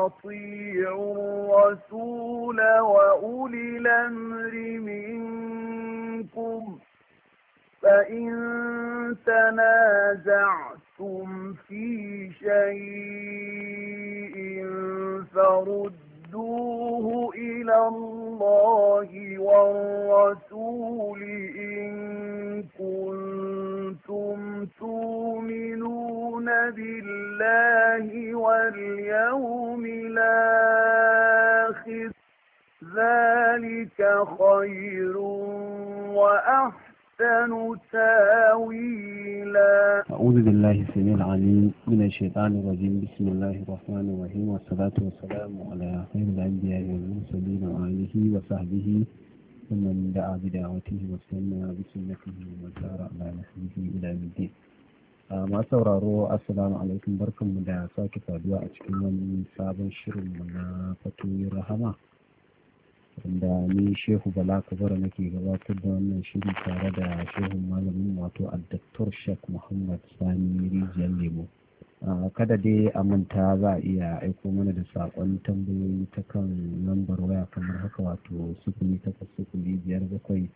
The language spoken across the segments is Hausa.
وأطيعوا الرسول وأولي الأمر منكم فإن بالله السميع العليم من الشيطان الرجيم بسم الله الرحمن الرحيم والصلاة والسلام على خير الأنبياء والمرسلين وآله وصحبه ومن دعا بدعوته واستنى بسنته وسار على نحوه إلى الدين ما sauraro assalamu alaikum barkanmu da sake saduwa a cikin wani sabon shirin na fatoyin rahama inda ni shehu bala kabara nake gabatar da wannan shiri tare da shehu malamin wato addaktor sheikh muhammad sani rijiyar lemo kada dai a manta za a iya aiko mana da saƙon tambayoyi ta kan lambar waya kamar haka wato sifili takwas sifili biyar bakwai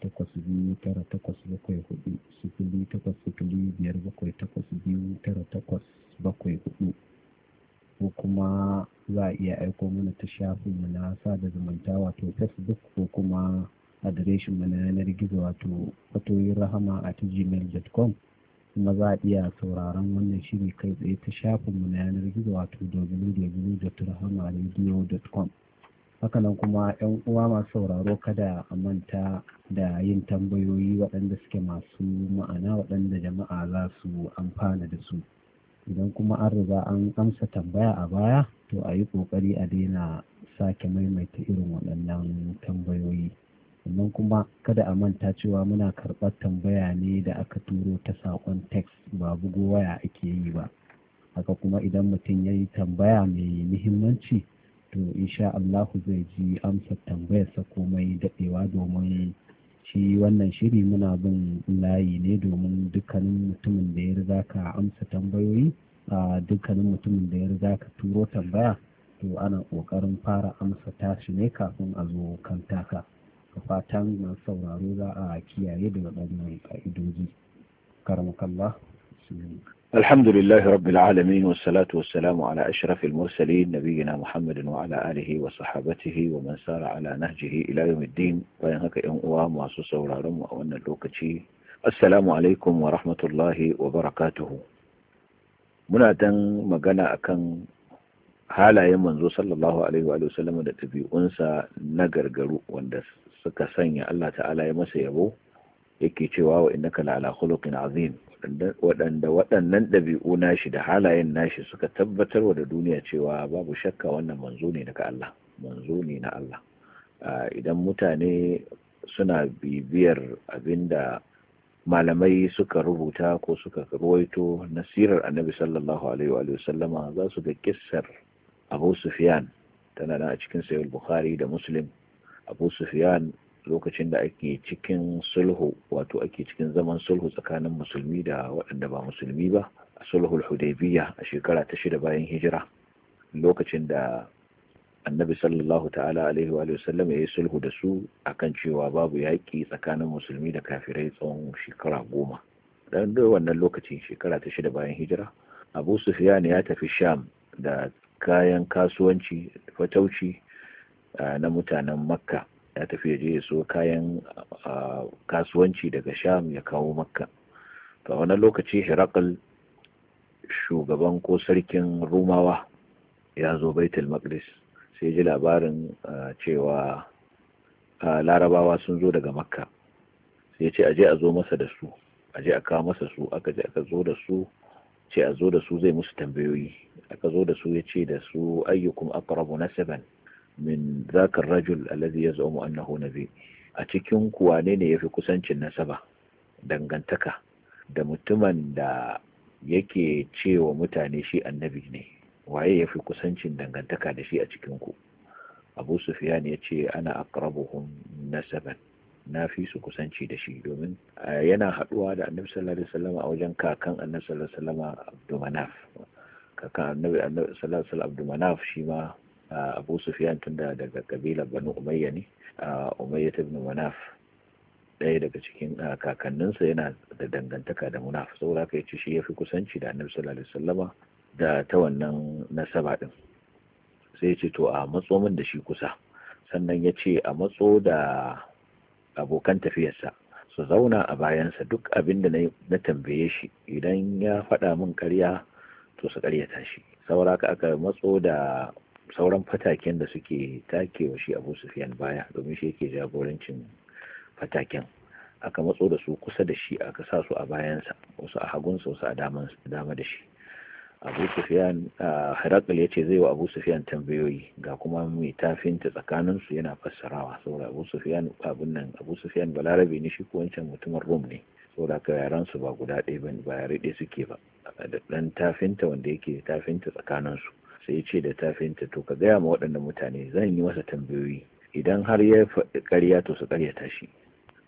takwas biyu tara takwas bakwai hudu sifili takwas sifili biyar bakwai takwas biyu tara takwas bakwai hudu ko kuma za a iya aiko mana ta shafinmu na sada zumunta wato facebook ko kuma mu na yanar gizo wato fatoyin rahama a gmail.com kuma za a iya sauraron wannan shiri kai tsaye ta shafin mu na yanar gizo wato www.rahamaradio.com hakanan kuma yan uwa masu sauraro kada a manta da yin tambayoyi waɗanda suke masu ma'ana waɗanda jama'a za su amfana da su. idan kuma an riga an amsa tambaya a baya to a yi ƙoƙari a daina sake maimaita irin waɗannan tambayoyi sannan kuma kada a manta cewa muna karɓar tambaya ne da aka turo ta saƙon text ba bugo waya ake yi ba haka kuma idan mutum ya yi tambaya mai muhimmanci to insha Allahu zai ji amsar tambayarsa komai daɗewa domin shi wannan shiri muna bin layi ne domin dukkanin mutumin da ya riga ka amsa tambayoyi a dukkanin mutumin da ya riga ka turo tambaya to ana ƙoƙarin fara amsa tashi ne kafin a zo kan taka ka fatan na sauraro za a kiyaye da waɗannan ƙa'idoji karamakallah الحمد لله رب العالمين والصلاة والسلام على أشرف المرسلين نبينا محمد وعلى آله وصحابته ومن سار على نهجه إلى يوم الدين فينهك يوم أوام وعصوصة ورارم وأن اللوكتي السلام عليكم ورحمة الله وبركاته منادا مغانا أكن halayen manzo sallallahu alaihi wa sallam da ɗabi'unsa na gargaru wanda suka sanya Allah ta'ala ya masa yabo yake cewa wa innaka la ala khuluqin azim waɗanda waɗannan ɗabi'u nashi da halayen nashi suka tabbatar wa da duniya cewa babu shakka wannan manzo ne daga Allah manzo ne na Allah idan mutane suna bibiyar abinda malamai suka rubuta ko suka ruwaito na sirar annabi sallallahu alaihi wa sallama za su ga kissar abu sufyan tana nan a cikin sayar bukhari da muslim abu sufyan lokacin da ake cikin sulhu wato ake cikin zaman sulhu tsakanin musulmi da waɗanda ba musulmi ba a sulhul hudaybiyya a shekara ta shida bayan hijira lokacin da annabi sallallahu ta'ala alaihi wa sallam ya yi sulhu da su akan cewa babu yaƙi tsakanin musulmi da kafirai tsawon shekara goma dan wannan lokacin shekara ta shida bayan hijira abu sufyan ya tafi sham da kayan kasuwanci fatauci eh, na mutanen makka ya tafi ya je ya so kayan kasuwanci daga sham ya kawo makka to a wannan lokaci hirakal shugaban ko sarkin rumawa ya zo baitul maqdis sai ji labarin cewa larabawa sun zo daga makka sai ya ce aje a zo masa da su aje a kawo masa su aka je aka zo da su ce a zo da su zai musu tambayoyi aka zo da su ya ce da su ayyukum aqrabu nasaban min zakar rajul alladhi yaz'umu annahu nabi a cikin kuwa ne ne yafi kusancin nasaba dangantaka da mutumin da yake cewa mutane shi annabi ne waye yafi kusancin dangantaka da shi a cikin ku abu sufyan ya ce ana aqrabuhum nasaban na fi su kusanci da shi domin yana haɗuwa da annabi sallallahu alaihi wasallam a wajen kakan annabi sallallahu alaihi wasallam manaf kakan annabi sallallahu alaihi wasallam shi ma abu sufiyan tun da daga kabila banu umayya ne umayya ta bin manaf ɗaya daga cikin kakanninsa yana da dangantaka da munaf saboda haka yace shi yafi kusanci da annabi sallallahu alaihi wasallama da ta wannan nasaba din sai yace to a matso min da shi kusa sannan yace a matso da abokan tafiyarsa su zauna a bayansa duk abin da na tambaye shi idan ya faɗa min karya to su ƙaryata shi saboda haka aka matso da sauran fataken da suke takewa shi abu sufiyan baya domin shi yake jagorancin fataken aka matso da su kusa da shi aka sa su a bayansa wasu a hagunsa wasu a dama da shi abu sufiyan herakl ya ce zai wa abu sufiyan tambayoyi ga kuma mai tafinta tsakaninsu yana fassarawa saboda abu sufiyan abin nan abu sufiyan balarabe ne shi ko wancan mutumin rum ne saboda ka yaran su ba guda ɗaya ba yare ɗaya suke ba da ɗan tafinta wanda yake tafinta tsakaninsu sai ce da ta fahimta to ka gaya ma waɗannan mutane zan yi masa tambayoyi idan har ya faɗi ƙarya to su ƙaryata tashi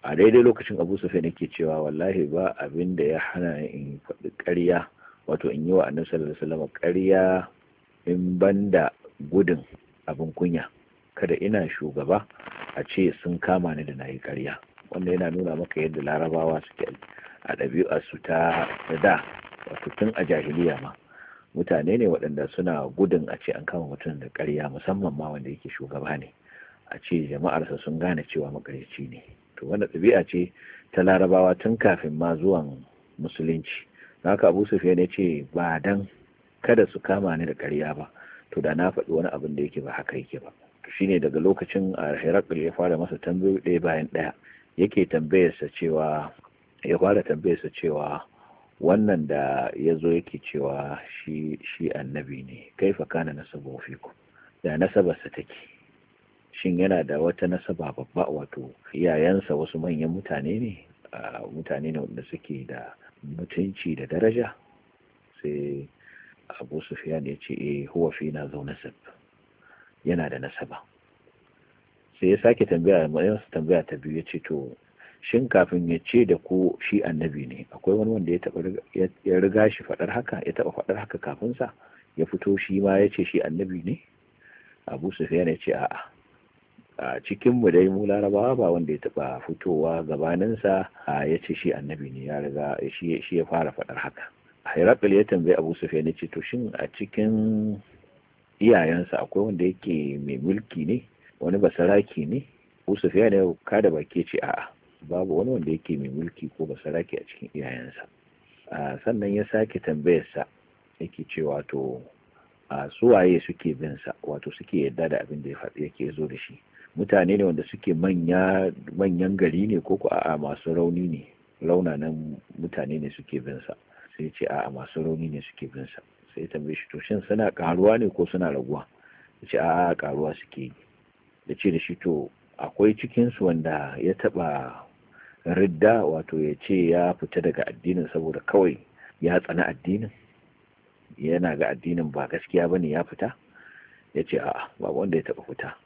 a daidai lokacin abu sufiyan nake cewa wallahi ba abin da ya hana in faɗi ƙarya wato in yi wa annabi sallallahu alaihi wasallam ƙarya in banda gudun abin kunya kada ina shugaba a ce sun kama ni da na yi ƙarya wanda yana nuna maka yadda larabawa suke a ɗabi'arsu ta da wato tun a jahiliya ma mutane ne waɗanda suna gudun a ce an kama mutum da ƙarya musamman ma wanda yake shugaba ne a ce jama'arsa sun gane cewa makaryaci ne to wanda ɗabi'a ce ta larabawa tun kafin ma zuwan musulunci haka abu sufiyan ya ce ba dan kada su kama ni da ƙarya ba to da na faɗi wani abin da yake ba haka yake ba shine daga lokacin a herakl ya fara masa tambayoyi ɗaya bayan ɗaya yake tambayarsa cewa ya fara tambayarsa cewa wannan da ya zo yake cewa shi annabi ne kaifa kana nasabu fikum da nasabarsa take shin yana da wata nasaba babba wato iyayensa wasu manyan mutane ne mutane ne wanda suke da mutunci da daraja sai abu sufiyan ya ce eh huwa fi na zo nasab yana da nasaba sai ya sake tambaya tambaya ta biyu ya ce to shin kafin ya ce da ko shi annabi ne akwai wani wanda ya taba ya riga shi fadar haka ya taba fadar haka kafin sa ya fito shi ma ya ce shi annabi ne Abu Sufyan ya ce a'a a cikin mu dai mu larabawa ba wanda ya taba fitowa gabanin sa ya ce shi annabi ne ya riga shi shi ya fara fadar haka hayrakil ya tambayi Abu Sufyan ya ce to shin a cikin iyayensa akwai wanda yake mai mulki ne wani basaraki ne Abu Sufyan ya kada baki ce a'a babu wani wanda yake mai mulki ko saraki a cikin iyayensa sannan ya sake tambayarsa yake ce wato suwaye suke bin sa wato suke yadda da abin da ya faɗi yake zo da shi mutane ne wanda suke manyan gari ne ko ko a'a masu rauni ne nan mutane ne suke bin sa sai ce a'a masu rauni ne suke bin sa sai tambaye shi to shin suna karuwa ne ko suna raguwa ya ce a'a karuwa suke yi da ce da shi to akwai cikinsu wanda ya taɓa ridda wato ya ce ya fita daga addinin saboda kawai ya tsana addinin yana ga addinin ba gaskiya ba ne ya fita ya ce a'a ba wanda ya taba fita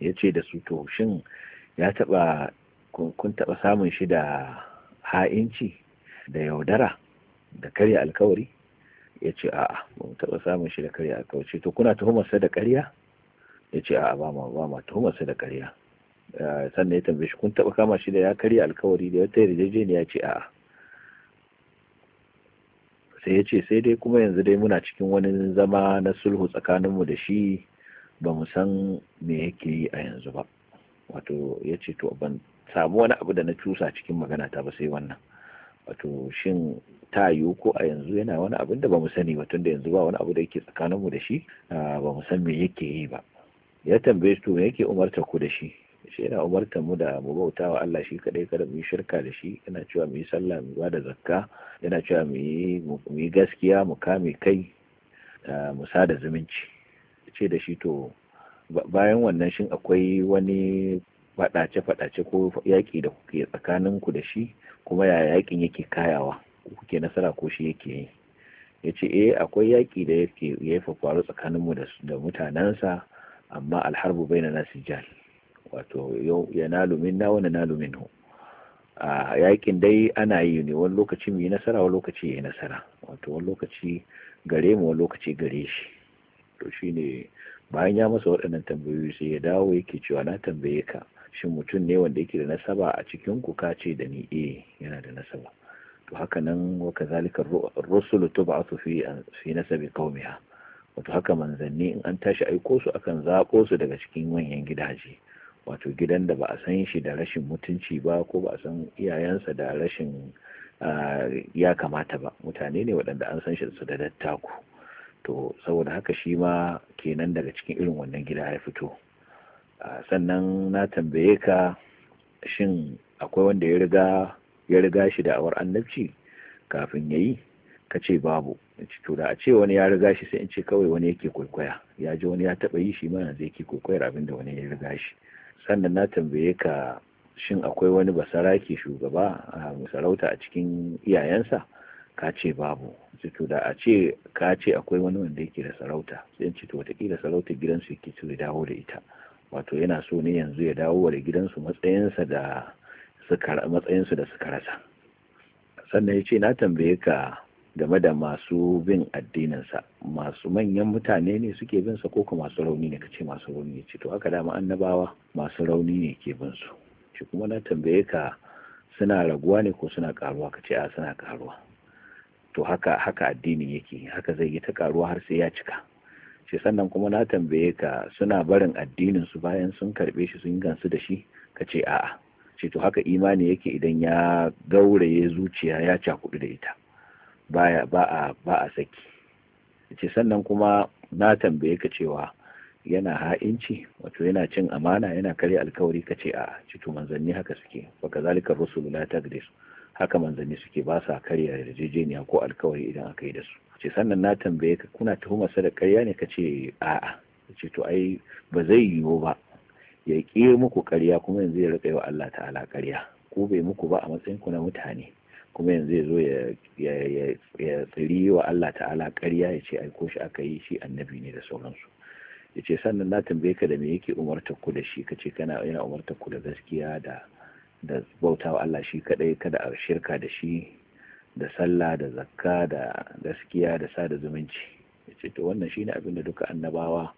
ya ce da su to shin ya taba kun taba samun shi da ha'inci da yaudara da karya alkawari ya ce a'a ba mu taba samun shi da karya alkawari to kuna tuhumarsa da karya ya ce a'a ba ma tuhumarsa da karya Eh, sannan ya tambaye shi kun taba kama shi da ya karya alkawari da wata yarjejeniya ce a'a sai ya ce sai dai kuma yanzu dai muna cikin wani zama na sulhu tsakaninmu da shi ba mu san me yake yi a yanzu ba wato ya ce to ban samu wani abu da na cusa cikin magana ta ba sai wannan wato shin ta yiwu ko a yanzu yana wani abin da ba mu sani ba tunda yanzu ba wani abu da yake tsakaninmu da shi ah, ba mu san me yake yi ba ya tambaye to me yake umarta ku da shi shi yana umartar mu da mu bauta wa Allah shi kadai kada mu yi shirka da shi yana cewa mu yi sallah mu ba da zakka yana cewa mu yi gaskiya mu kame kai mu sada zumunci ce da shi to bayan wannan shin akwai wani faɗace faɗace ko yaki da kuke tsakanin ku da shi kuma ya yakin yake kayawa kuke nasara ko shi yake yi ya ce eh akwai yaƙi da yake ya faru tsakanin tsakaninmu da mutanensa amma alharbu bai na nasijal wato ya nalu minna wani nalu minhu a yakin dai ana yi ne wani lokaci mu yi nasara wani lokaci ya yi nasara wato wani lokaci gare mu wani lokaci gare shi to shine bayan ya masa waɗannan tambayoyi sai ya dawo yake cewa na tambaye ka shin mutum ne wanda yake da nasaba a cikin ku ka ce da ni eh yana da nasaba to haka nan wa kazalika ar-rusulu tub'athu fi fi nasabi qaumiha wato haka manzanni in an tashi aiko su akan zaɓo su daga cikin manyan gidaje wato gidan da ba a san shi da rashin mutunci ba ko ba a san iyayensa da rashin ya kamata ba mutane ne waɗanda an san shi su da dattaku to saboda haka shi ma kenan daga cikin irin wannan gida ya fito sannan na tambaye ka shin akwai wanda ya riga ya riga shi da awar annabci kafin ya yi ka ce babu to da a ce wani ya riga shi sai in ce kawai wani yake kwaikwaya ya ji wani ya taɓa yi shi ma yanzu yake kwaikwayar abin da wani ya riga shi sannan na tambaye ka shin akwai wani basaraki shugaba a sarauta a cikin iyayensa ka ce babu cito da a ce ka ce akwai wani wanda yake da sarauta sai cito to watakila sarautar gidansu yake so ya dawo da ita wato yana so ne yanzu ya dawo da gidansu matsayinsa da su matsayinsu da suka rasa sannan ya ce na tambaye ka game da masu bin addininsa masu manyan mutane ne suke bin sa ko masu rauni ne kace masu rauni ne ce to haka dama annabawa masu rauni ne ke bin su shi kuma na tambaye ka suna raguwa ne ko suna karuwa kace a suna karuwa to haka haka addini yake haka zai yi ta karuwa har sai ya cika ce sannan kuma na tambaye ka suna barin addinin su bayan sun karbe shi sun gansu da shi kace a'a ce to haka imani yake idan ya gauraye zuciya ya cakudu da ita baya ba a saki ce sannan kuma na tambaye ka cewa yana ha'inci wato yana cin amana yana karya alkawari ka ce a cito manzanni haka suke wa kazalika rusulu la tagris haka manzanni suke ba sa karya yarjejeniya ko alkawari idan aka yi da su ce sannan na tambaye ka kuna tuhumar sa da karya ne ka ce a'a ce to ai ba zai yiwu ba ya ƙi muku karya kuma yanzu ya rika yi wa Allah ta'ala karya ko bai muku ba a matsayin ku na mutane kuma yanzu ya zo ya tsiri wa Allah ta'ala ƙarya ya ce aiko shi aka yi shi annabi ne da sauransu ya ce sannan na tambaye ka da me yake umartar ku da shi kace kana yana umartar ku da gaskiya da da bautawa Allah shi kadai kada a shirka da shi da sallah da zakka da gaskiya da sada zumunci ya ce to wannan shine abin da duka annabawa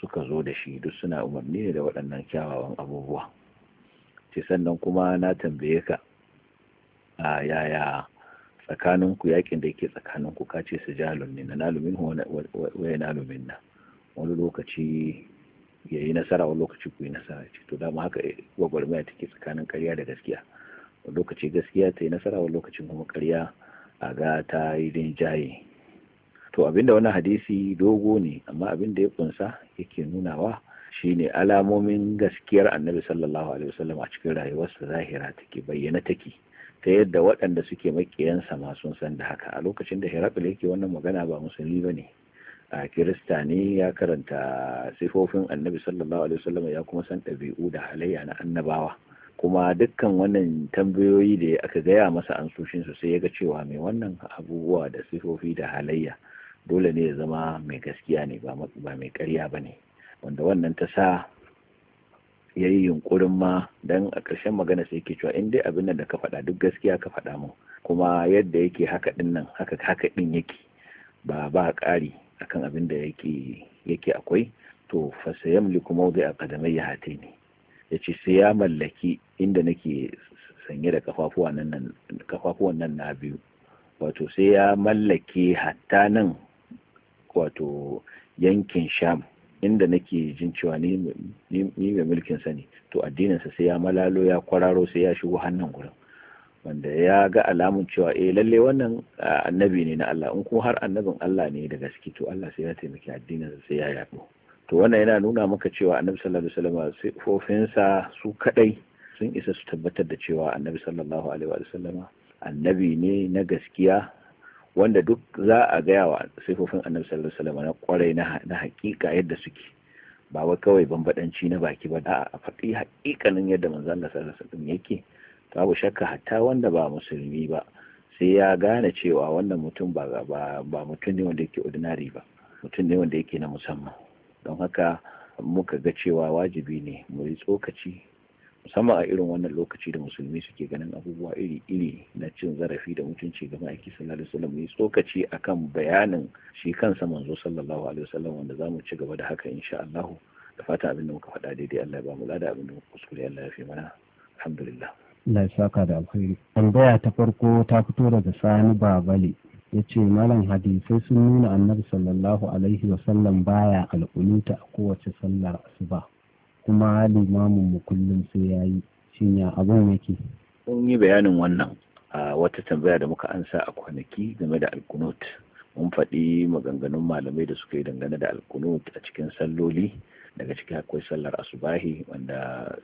suka zo da shi duk suna umarni ne da waɗannan kyawawan abubuwa ce sannan kuma na tambaye ka a yaya tsakaninku yakin da yake tsakaninku ka ce sijalun ne na nalumin wa ya nalumin na wani lokaci ya yi nasara wani lokaci ku yi nasara ce to dama haka gwagwarmaya take tsakanin karya da gaskiya wani lokaci gaskiya ta yi nasara wani lokacin kuma karya a ga ta yi rinjaye to abinda wani hadisi dogo ne amma abinda ya kunsa yake nunawa shine alamomin gaskiyar annabi sallallahu alaihi wasallam a cikin rayuwarsa zahira take bayyana take ta yadda waɗanda suke makiyansa ma sun san da haka a lokacin da Herakle yake wannan magana ba musulmi ba ne a kirista ne ya karanta sifofin annabi sallallahu alaihi wasallam ya kuma san ɗabi'u da halayya na annabawa kuma dukkan wannan tambayoyi da aka gaya masa an su sai ya ga cewa mai wannan abubuwa da sifofi da halayya dole ne ya zama mai gaskiya ne ba mai karya ba ne wanda wannan ta sa ya yi yunkurin ma don a ƙarshen magana sai ke cewa in dai abin da ka faɗa duk gaskiya ka faɗa mu kuma yadda yake haka ɗin nan haka haka ɗin yake ba ba ƙari akan abin da yake yake akwai to fa sayamliku mawdi'a qadamayya ne yace sai ya mallaki inda nake sanye da kafafuwan nan na biyu wato sai ya mallake hatta nan wato yankin sham inda nake jin cewa ni mai mulkin sani, ne to addininsa sai ya malalo ya kwararo sai ya shigo hannun gurin wanda ya ga alamun cewa eh lalle wannan annabi ne na Allah in ko har annabin Allah ne da gaske to Allah sai ya taimaki addininsa sai ya yaɗo to wannan yana nuna maka cewa annabi sallallahu alaihi wasallam su kadai sun isa su tabbatar da cewa annabi sallallahu alaihi wasallam annabi ne na gaskiya wanda duk za a gaya wa sifofin annabi sallallahu alaihi wasallam na kwarai na hakika yadda suke ba wai kawai bambadanci na baki ba da a faɗi hakikanin yadda manzon Allah sallallahu alaihi wasallam yake babu shakka hatta wanda ba musulmi ba sai ya gane cewa wannan mutum ba ba mutum ne wanda yake ordinary ba mutum ne wanda yake na musamman don haka muka ga cewa wajibi ne mu yi tsokaci musamman a irin wannan lokaci da musulmi suke ganin abubuwa iri-iri na cin zarafi da mutunci ga ma'aiki sallallahu alaihi wasallam mai tsokaci akan bayanin shi kansa manzo sallallahu alaihi wasallam wanda zamu ci gaba da haka insha Allah da fata abin da muka faɗa daidai Allah ya ba mu lada abin da muka kuskure Allah ya fi mana alhamdulillah Allah ya saka da alkhairi tambaya ta farko ta fito daga Sani Babali, yace malam hadisai sun nuna annabi sallallahu alaihi wasallam baya alkunuta a kowace sallar asuba kuma limamin mu kullum sai yayi shin ya abun yake mun yi bayanin wannan a wata tambaya da muka ansa a kwanaki game da alkunut mun faɗi maganganun malamai da suka yi dangane da alkunut a cikin salloli daga ciki akwai sallar asubahi wanda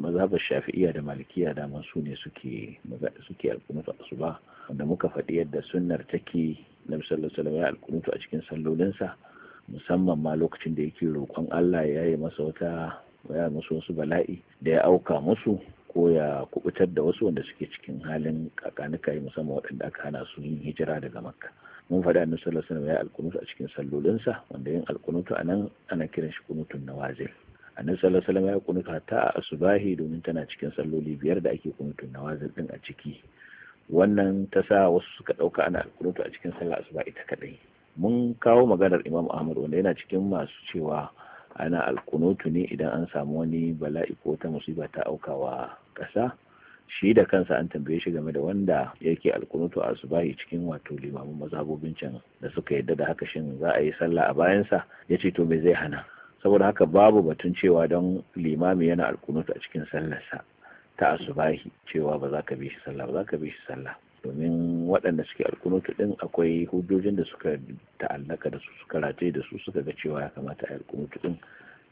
mazhabar shafi'iya da malikiya dama su ne suke suke a asuba wanda muka faɗi yadda sunnar take na sallallahu alaihi ya alkunut a cikin sallolinsa musamman ma lokacin da yake roƙon Allah ya yi masa wata ya musu wasu bala'i da ya auka musu ko ya kubutar da wasu wanda suke cikin halin kakanikai musamman waɗanda aka hana su yin hijira daga makka mun faɗi annabi sallallahu alaihi wasallam ya alkunutu a cikin sallolinsa wanda yin alkunutu anan ana kiran shi kunutun nawazil annabi sallallahu alaihi wasallam ya kunutu ta a asubahi domin tana cikin salloli biyar da ake kunutun nawazil din a ciki wannan ta sa wasu suka ɗauka ana alkunutu a cikin sallar asuba ita kaɗai mun kawo maganar imam ahmad wanda yana cikin masu cewa ana alkunutu ne idan an samu wani bala'i ko ta musiba ta auka wa ƙasa shi da kansa an tambaye shi game da wanda yake alkunutu a subahi cikin wato limamin mazhabobin can da suka yadda da haka shin za a yi sallah a bayansa ya ce to me zai hana saboda haka babu batun cewa don limami yana alkunutu a cikin sallarsa ta asubahi cewa ba za ka bi shi sallah ba za ka bi shi sallah domin waɗanda suke alkunutu ɗin akwai hujjojin da suka ta'allaka da su suka rataye da su suka ga cewa ya kamata a alkunutu ɗin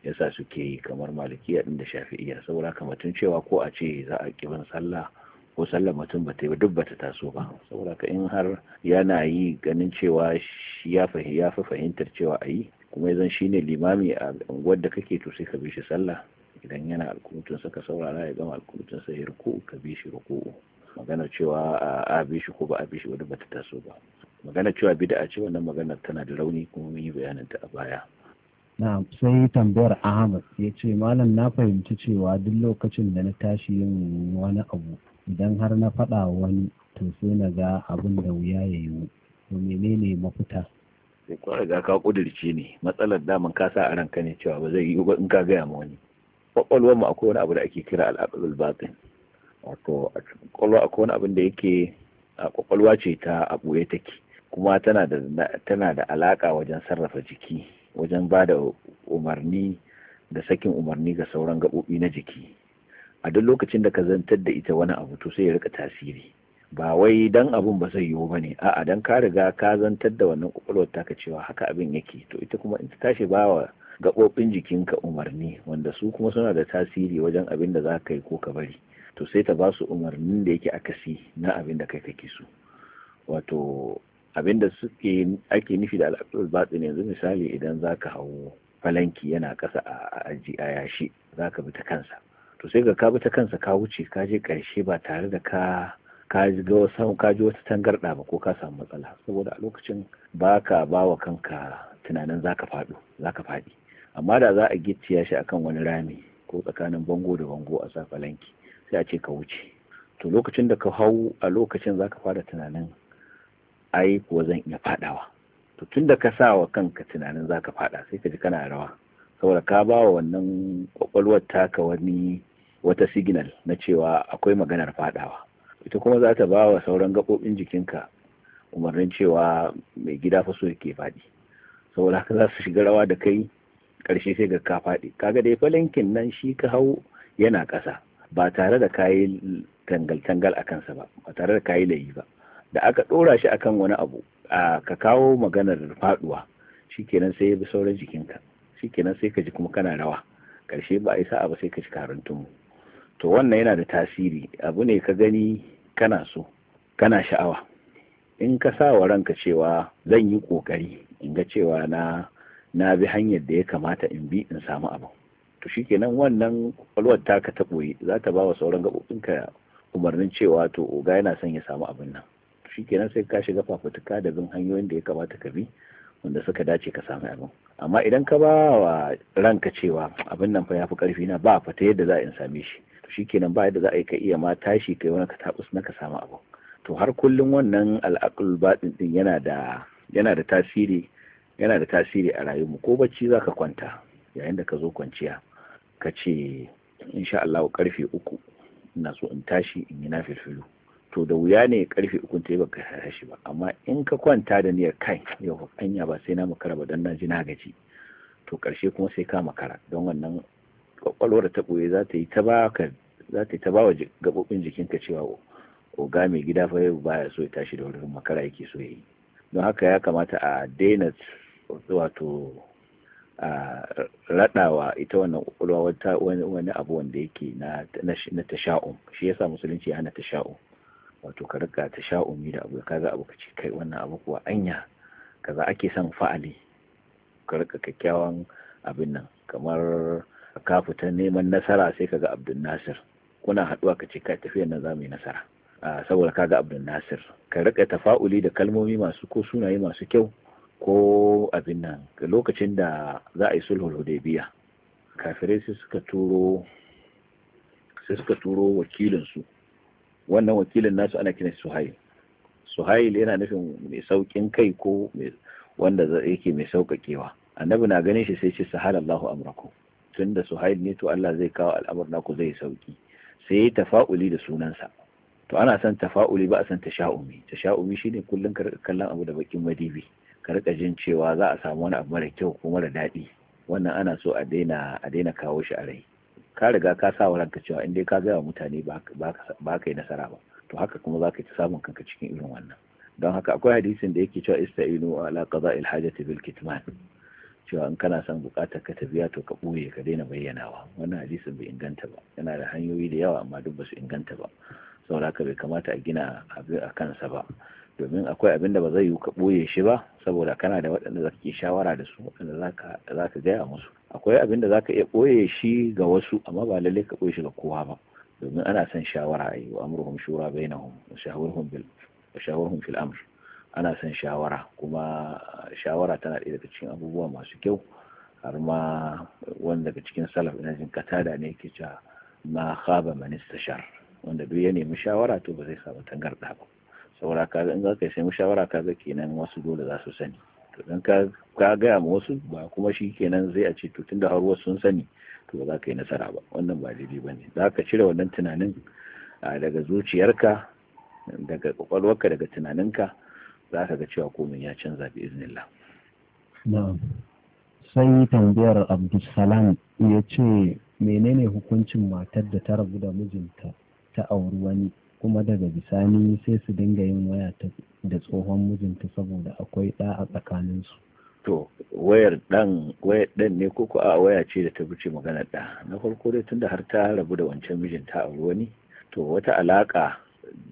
yasa suke yi kamar malikiya ɗin da shafi'iya saboda mutum cewa ko a ce za a kiban sallah ko sallah mutum ba ta yi duk ta taso ba saboda ka in har yana yi ganin cewa ya fi fahimtar cewa a yi kuma yanzu shi ne limami a unguwar da kake to sai ka bi shi sallah idan yana alkunutun saka saurara ya gama alkunutun sai ya ruku ka bi shi ruku'u magana cewa a bi shi ko ba a bi shi wani bata taso ba magana cewa bid'a ce wannan magana tana da rauni kuma mun yi bayanin ta a baya na'am sai tambayar Ahmad ya ce malam na fahimci cewa duk lokacin da na tashi yin wani abu idan har na faɗa wani to sai na ga abin da wuya ya yiwu to menene mafita sai ko ga ka kudirce ne matsalar daman ka sa a ranka ne cewa ba zai yi ba in ka gaya ma wani kwakwalwar mu akwai wani abu da ake kira al'adul batin wato a akwai wani abin da yake a kwakwalwa ce ta a ɓoye take kuma tana da tana da alaka wajen sarrafa jiki wajen ba da umarni da sakin umarni ga sauran gaɓoɓi na jiki a duk lokacin da ka zantar da ita wani abu to sai ya rika tasiri ba wai dan abun ba zai yiwu bane a'a dan ka riga ka zantar da wannan kwakwalwar taka cewa haka abin yake to ita kuma in ta tashi bawa gaɓoɓin jikinka umarni wanda su kuma suna da tasiri wajen abin da za ka yi ko ka bari to sai ta ba su umarnin da yake akasi na abin da kai kake so wato abin da suke ake nufi da batsi ne. yanzu misali idan za ka hau falanki yana kasa a aji a yashi za ka bi ta kansa to sai ga ka bi ta kansa ka wuce ka je karshe ba tare da ka ka ji wata tangarɗa ba ko ka samu matsala saboda a lokacin ba ka ba wa kanka tunanin zaka faɗo zaka faɗi amma da za a gicciya shi akan wani rami ko tsakanin bango da bango a sa falanki sai a ce ka wuce to lokacin da ka hau a lokacin za ka fara tunanin ai kuwa zan iya fadawa to tun da ka sa wa kanka tunanin za ka fada sai ka ji kana rawa saboda ka ba wa wannan kwakwalwar taka wani wata signal na cewa akwai maganar fadawa ita kuma za ta ba wa sauran gaɓoɓin jikinka umarnin cewa mai gida faso so yake faɗi saboda haka za su shiga rawa da kai ƙarshe sai ga ka faɗi kaga dai falankin nan shi ka hau yana ƙasa ba tare da kayi tangal-tangal a kansa ba ba tare da kayi layi ba da aka ɗora shi akan wani abu a ka kawo maganar faɗuwa shikenan sai ya bi sauran jikinka shikenan sai ka ji kuma kana rawa karshe ba a yi sa'a ba sai ka ci karantun mu to wannan yana da tasiri abu ne ka gani kana so kana sha'awa in ka sa wa ranka cewa zan yi kokari in ga cewa na na bi hanyar da ya kamata in bi in samu abu to shikenan wannan kwalwar taka ta ɓoye za ta ba wa sauran gaɓoɓinka umarnin cewa to oga yana son ya samu abin nan shikenan sai ka shiga fafutuka da bin hanyoyin da ya kamata ka bi wanda suka dace ka samu abin amma idan ka ba wa ranka cewa abin nan fa ya fi karfi na ba ta yadda za a in same shi to shikenan ba yadda za a yi ka iya ma tashi kai wani katabus na ka samu abin to har kullum wannan al'aqul batin din yana da yana da tasiri yana da tasiri a rayuwarmu ko bacci zaka kwanta yayin da ka zo kwanciya ka ce insha Allah karfe uku na so in tashi in yi na filfilu to da wuya ne karfe uku ta yi ba ka tashi ba amma in ka kwanta da niyar kai yau anya ba sai na makara ba don na ji na gaji to karshe kuma sai ka makara don wannan kwakwalwar ta ɓoye za ta yi ta ba ka za ta wa gaɓoɓin jikinka cewa oga mai gida fa yau baya so ya tashi da wurin makara yake so ya yi don haka ya kamata a daina wato raɗawa ita wannan ƙwaƙwalwa wani abu wanda yake na tasha'um shi yasa musulunci ya ana tasha'um wato ka rika tasha'umi da abu kaga abu ka ce kai wannan abu kuwa anya kaza ake son fa'ali ka riga kyakkyawan abin nan kamar ka fita neman nasara sai kaga Abdul Nasir kuna haɗuwa ka ce kai tafiyar nan za mu yi nasara saboda kaga Abdul Nasir ka rika tafa'uli da kalmomi masu ko sunaye masu kyau ko abin nan lokacin da za a yi sulhul hudaybiya kafirai sai suka turo sai suka turo wakilin su wannan wakilin nasu ana kiran suhail suhail yana nufin mai saukin kai ko wanda yake mai saukakewa annabi na ganin shi sai ce sahalallahu amrakum tunda suhail ne to Allah zai kawo al'amur naku zai sauki sai ya tafa'uli da sunansa to ana son tafa'uli ba a san tasha'umi tasha'umi shine kullun kallon abu da bakin madibi ka rika jin cewa za a samu wani abu mara kyau ko mara daɗi wannan ana so a daina a daina kawo shi a rai ka riga ka sa wa ranka cewa in dai ka gaya mutane ba ka yi nasara ba to haka kuma za ka ci samun kanka cikin irin wannan don haka akwai hadisin da yake cewa ista'inu ala qada'il hajati bil kitman cewa in kana son bukatar ka tafiya to ka ɓoye ka daina bayyanawa wannan hadisin bai inganta ba yana da hanyoyi da yawa amma duk ba su inganta ba saboda haka bai kamata a gina abin a kansa ba domin akwai abin da ba zai yi ka ɓoye shi ba saboda kana da waɗanda za ka shawara da su waɗanda za ka gaya musu akwai abin da za ka iya ɓoye shi ga wasu amma ba lallai ka ɓoye shi ga kowa ba domin ana son shawara a yi wa amurhum shura bai na shawurhum fil amr ana son shawara kuma shawara tana ɗaya daga cikin abubuwa masu kyau har ma wanda daga cikin salaf ina jin katada ne yake cewa ma khaba man istashar wanda duk ya nemi shawara to ba zai samu tangarɗa ba saboda ka in za ka sai mushawara ka ga kenan wasu dole za su sani to dan ka ka gaya ma wasu ba kuma shi kenan zai a ce to tunda har wasu sun sani to ba za ka yi nasara ba wannan ba daidai ba ne za ka cire wannan tunanin daga zuciyarka daga kwakwalwarka daga tunaninka za ka ga cewa komai ya canza bi iznillah na'am sai tambayar abdulsalam ya ce menene hukuncin matar da ta rabu da mijinta ta auri wani kuma daga bisani sai su dinga yin waya da tsohon mijinta saboda akwai ɗa a tsakaninsu to wayar ɗan wayar ɗan ne ko a waya ce da ta wuce maganar ɗan. na farko dai tunda har ta rabu da wancan mijinta a wani to wata alaƙa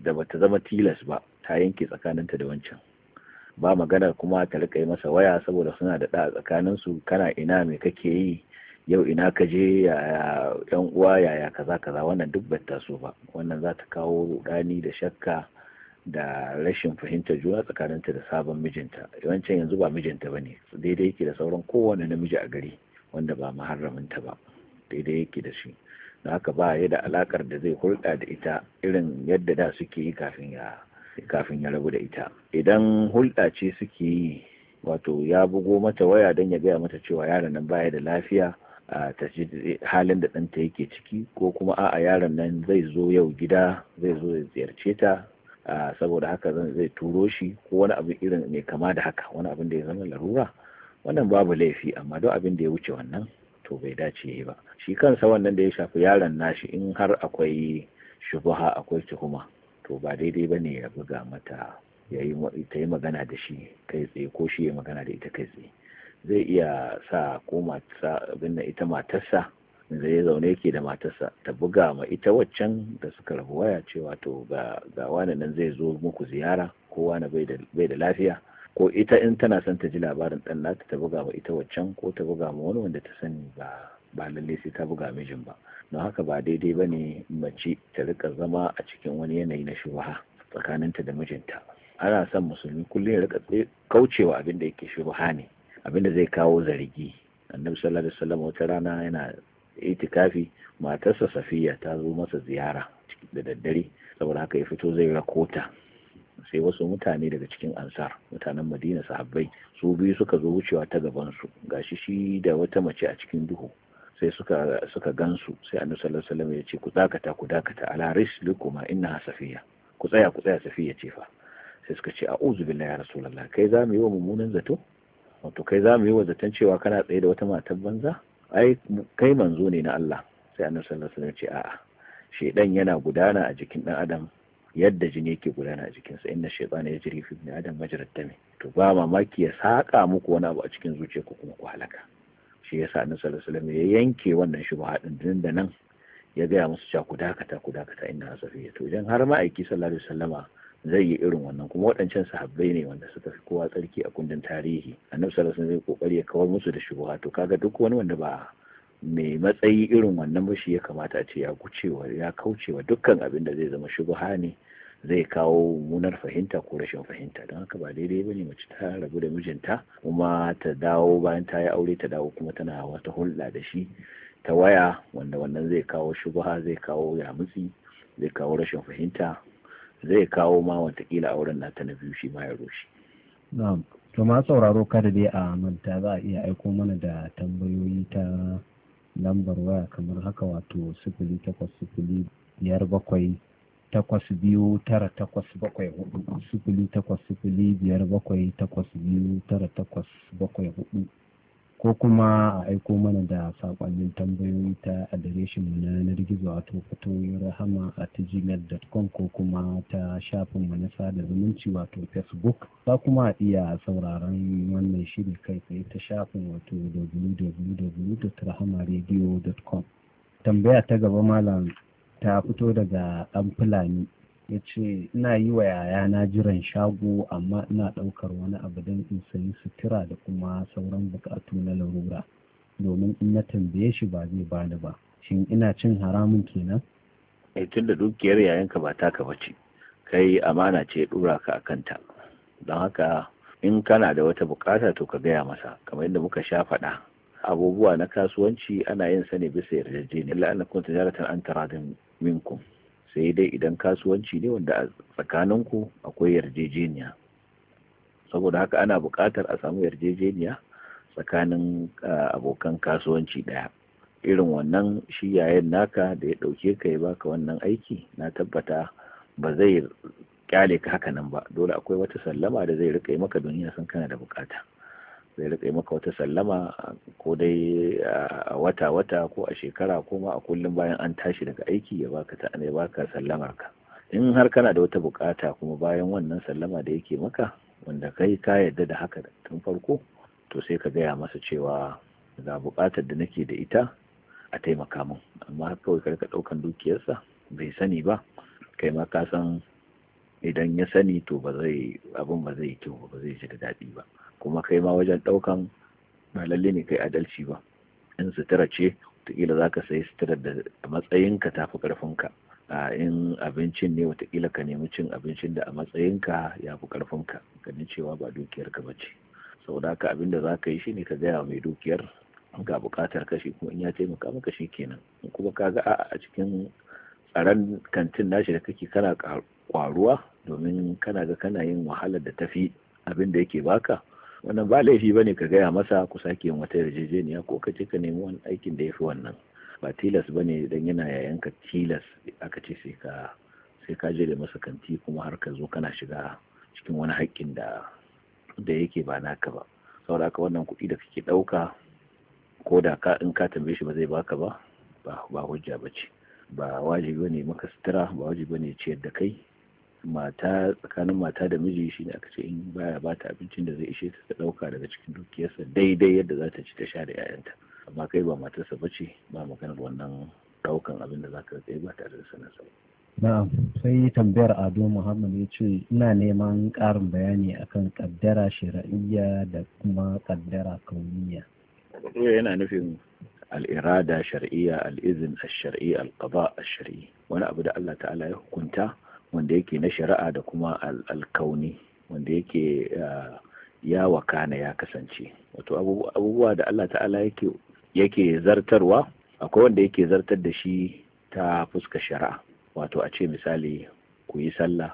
da bata zama tilas ba ta yanke tsakaninta da wancan ba maganar kuma ta rika yi masa waya saboda suna da ɗa a tsakaninsu kana ina me kake yi yau ina ka je yan uwa yaya kaza kaza wannan duk bai taso ba wannan za ta kawo rudani da shakka da rashin fahimtar juna tsakaninta da sabon mijinta yawancin yanzu ba mijinta ba ne. daidai yake da sauran kowane namiji a gari wanda ba ta ba daidai yake da shi da haka ba ya da alakar da zai hulɗa da ita irin yadda da suke yi kafin ya kafin ya rabu da ita idan hulɗa ce suke yi wato ya bugo mata waya don ya gaya mata cewa yaron nan baya da lafiya ta ji halin da ɗanta yake ciki ko kuma a'a yaron nan zai zo yau gida zai zo ya ziyarce ta saboda haka zan zai turo shi ko wani abu irin mai kama da haka wani abin da ya zama larura wannan babu laifi amma duk abin da ya wuce wannan to bai dace yi ba shi kansa wannan da ya shafi yaron nashi in har akwai shubuha akwai tuhuma to ba daidai ba ne ya buga mata ya ta yi magana da shi kai tsaye ko shi ya magana da ita kai tsaye zai iya sa ko abin da ita matarsa zai ya zaune yake da matarsa ta buga ma ita waccan da suka rabu waya cewa to ga ga wani nan zai zo muku ziyara ko wani bai da lafiya ko ita in tana son ta ji labarin ɗan nata ta buga ma ita waccan ko ta buga ma wani wanda ta sani ba ba lalle sai ta buga mijin ba don haka ba daidai ba ne mace ta rika zama a cikin wani yanayi na shubaha tsakaninta da mijinta ana son musulmi kullum ya rika kaucewa abin da yake shubaha ne Abin da zai kawo zargi annabi sallallahu alaihi wasallam wata rana yana itikafi matarsa safiya ta zo masa ziyara da daddare saboda haka ya fito zai rakota sai wasu mutane daga cikin ansar mutanen madina sahabbai su biyu suka zo wucewa ta gaban su gashi shi da wata mace a cikin duhu sai suka suka gansu sai annabi sallallahu alaihi wasallam ya ce ku dakata ku dakata ala rislikuma inna safiya ku tsaya ku tsaya safiya ce fa sai suka ce a'udhu billahi ya rasulullah kai za mu yi wa mummunan zato wato kai za mu yi wa cewa kana tsaye da wata matar banza ai kai manzo ne na Allah sai annabi sallallahu alaihi wasallam ce a'a shedan yana gudana a jikin dan adam yadda jini yake gudana a jikin jikinsa inna shaytana yajri fi ibn adam majrad dami to ba mamaki ya saka muku wani abu a cikin ku, kuma ku halaka shi yasa annabi sallallahu alaihi wasallam ya yanke wannan shubha din da nan ya gaya musu cewa ku dakata ku dakata inna safiya to idan har ma'aiki sallallahu alaihi wasallama zai yi irin wannan kuma waɗancan sahabbai ne wanda suka fi kowa tsarki a kundin tarihi annabi sallallahu alaihi zai kokari ya kawar musu da shugaba. to kaga duk wani wanda ba mai matsayi irin wannan ba shi ya kamata a ce ya gucewa ya kaucewa dukkan abin da zai zama shugaba ne zai kawo munar fahimta ko rashin fahimta don haka ba daidai ba bane mace ta rabu da mijinta kuma ta dawo bayan ta yi aure ta dawo kuma tana wata hulɗa da shi ta waya wanda wannan zai kawo shugaba, zai kawo yamutsi zai kawo rashin fahimta zai kawo ma watakila auren nata na biyu shi ma ya rushe to ma sauraro kada dai a manta za a iya aiko mana da tambayoyi ta lambar waya kamar haka wato sifili takwas sifili biyar bakwai takwas biyu tara takwas bakwai hudu sifili takwas sifili biyar bakwai takwas biyu tara takwas bakwai hudu ko kuma a aiko mana da sakonnin tambayoyi ta adireshin mu na yanar gizo a tofato rahama a gmail.com ko kuma ta shafin mu na sada zumunci wato facebook za kuma a iya sauraron wannan shiri kai tsaye ta shafin wato www.rahamaradio.com tambaya ta gaba malam ta fito daga dan fulani ya ce ina yi wa yayana jiran shago amma ina ɗaukar wani abu don in sayi sutura da kuma sauran buƙatu na larura domin in na tambaye shi ba zai bani ba shin ina cin haramun kenan ai eh, tun da dukiyar yayanka ba ta taka bace kai amana ce dura ka a kanta, don haka in kana da wata bukata to ka gaya masa kamar yadda muka sha faɗa abubuwa na kasuwanci ana yin sa ne bisa yarjejeniya illa annakum tijaratan an minkum sai dai idan kasuwanci ne wanda a tsakaninku akwai yarjejeniya saboda haka ana buƙatar a samu yarjejeniya tsakanin abokan kasuwanci ɗaya irin wannan shi yayin naka da ya ɗauke ka ya baka wannan aiki na tabbata ba zai kyale ka haka nan ba dole akwai wata sallama da zai rika yi maka don ya san kana da buƙata zai rike maka wata sallama ko dai a wata-wata ko a shekara ko ma a kullum bayan an tashi daga aiki ya baka ta ne baka sallamar ka in har kana da wata bukata kuma bayan wannan sallama da yake maka wanda kai ka yadda da haka tun farko to sai ka gaya masa cewa ga bukatar da nake da ita a taimaka min amma kawai ka rika daukan dukiyarsa bai sani ba kai ma ka san idan ya sani to ba zai abin ba zai kyau ba zai shiga daɗi ba kuma kai ma wajen ɗaukan ba lalle ne kai adalci ba in sutura ce watakila za ka sayi suturar da matsayinka tafi ƙarfinka a in abincin ne watakila ka nemi cin abincin da a matsayinka ya fi ƙarfinka ganin cewa ba dukiyarka ba ce saboda haka abin da za ka yi shine ka gaya mai dukiyar ga buƙatar kashi kuma in ya taimaka maka shi kenan kuma kaga ga a cikin tsaron kantin nashi da kake kana kwaruwa domin kana ga kana yin wahalar da tafi abin da yake baka wannan ba laifi bane ka gaya masa ku sake yin wata yarjejeniya ko ka ce ka nemi wani aikin da ya fi wannan ba tilas bane dan yana yayan ka tilas aka ce sai ka je da masa kanti kuma har ka zo kana shiga cikin wani haƙƙin da da yake ba naka ba saboda haka wannan kuɗi da kake ɗauka ko da ka in ka tambaye shi ba zai baka ba ba hujja ba ce ba wajibi ne maka sutura ba wajibi ne ciyar da kai mata tsakanin mata da miji shi ne aka ce in baya ba ta abincin da zai ishe ta ta ɗauka daga cikin dukiyarsa daidai yadda za ta ci ta sha da 'ya'yanta amma kai ba matarsa ba ce ba maganar wannan ɗaukan abin da za ka tsaye ba tare da sanar sa na'am sai tambayar ado muhammad ya ce ina neman ƙarin bayani akan ƙaddara shari'a da kuma kaddara kauniya yana nufin al'irada shar'iyya al'izin al-shar'i al-qada al-shar'i wani abu da Allah ta'ala ya hukunta wanda yake na shari'a da kuma alkauni wanda yake ah, ya wakana ya kasance wato abubuwa da Allah ta'ala yake yake zartarwa akwai wanda yake zartar da shi ta fuska shari'a wato a ce misali ku yi sallah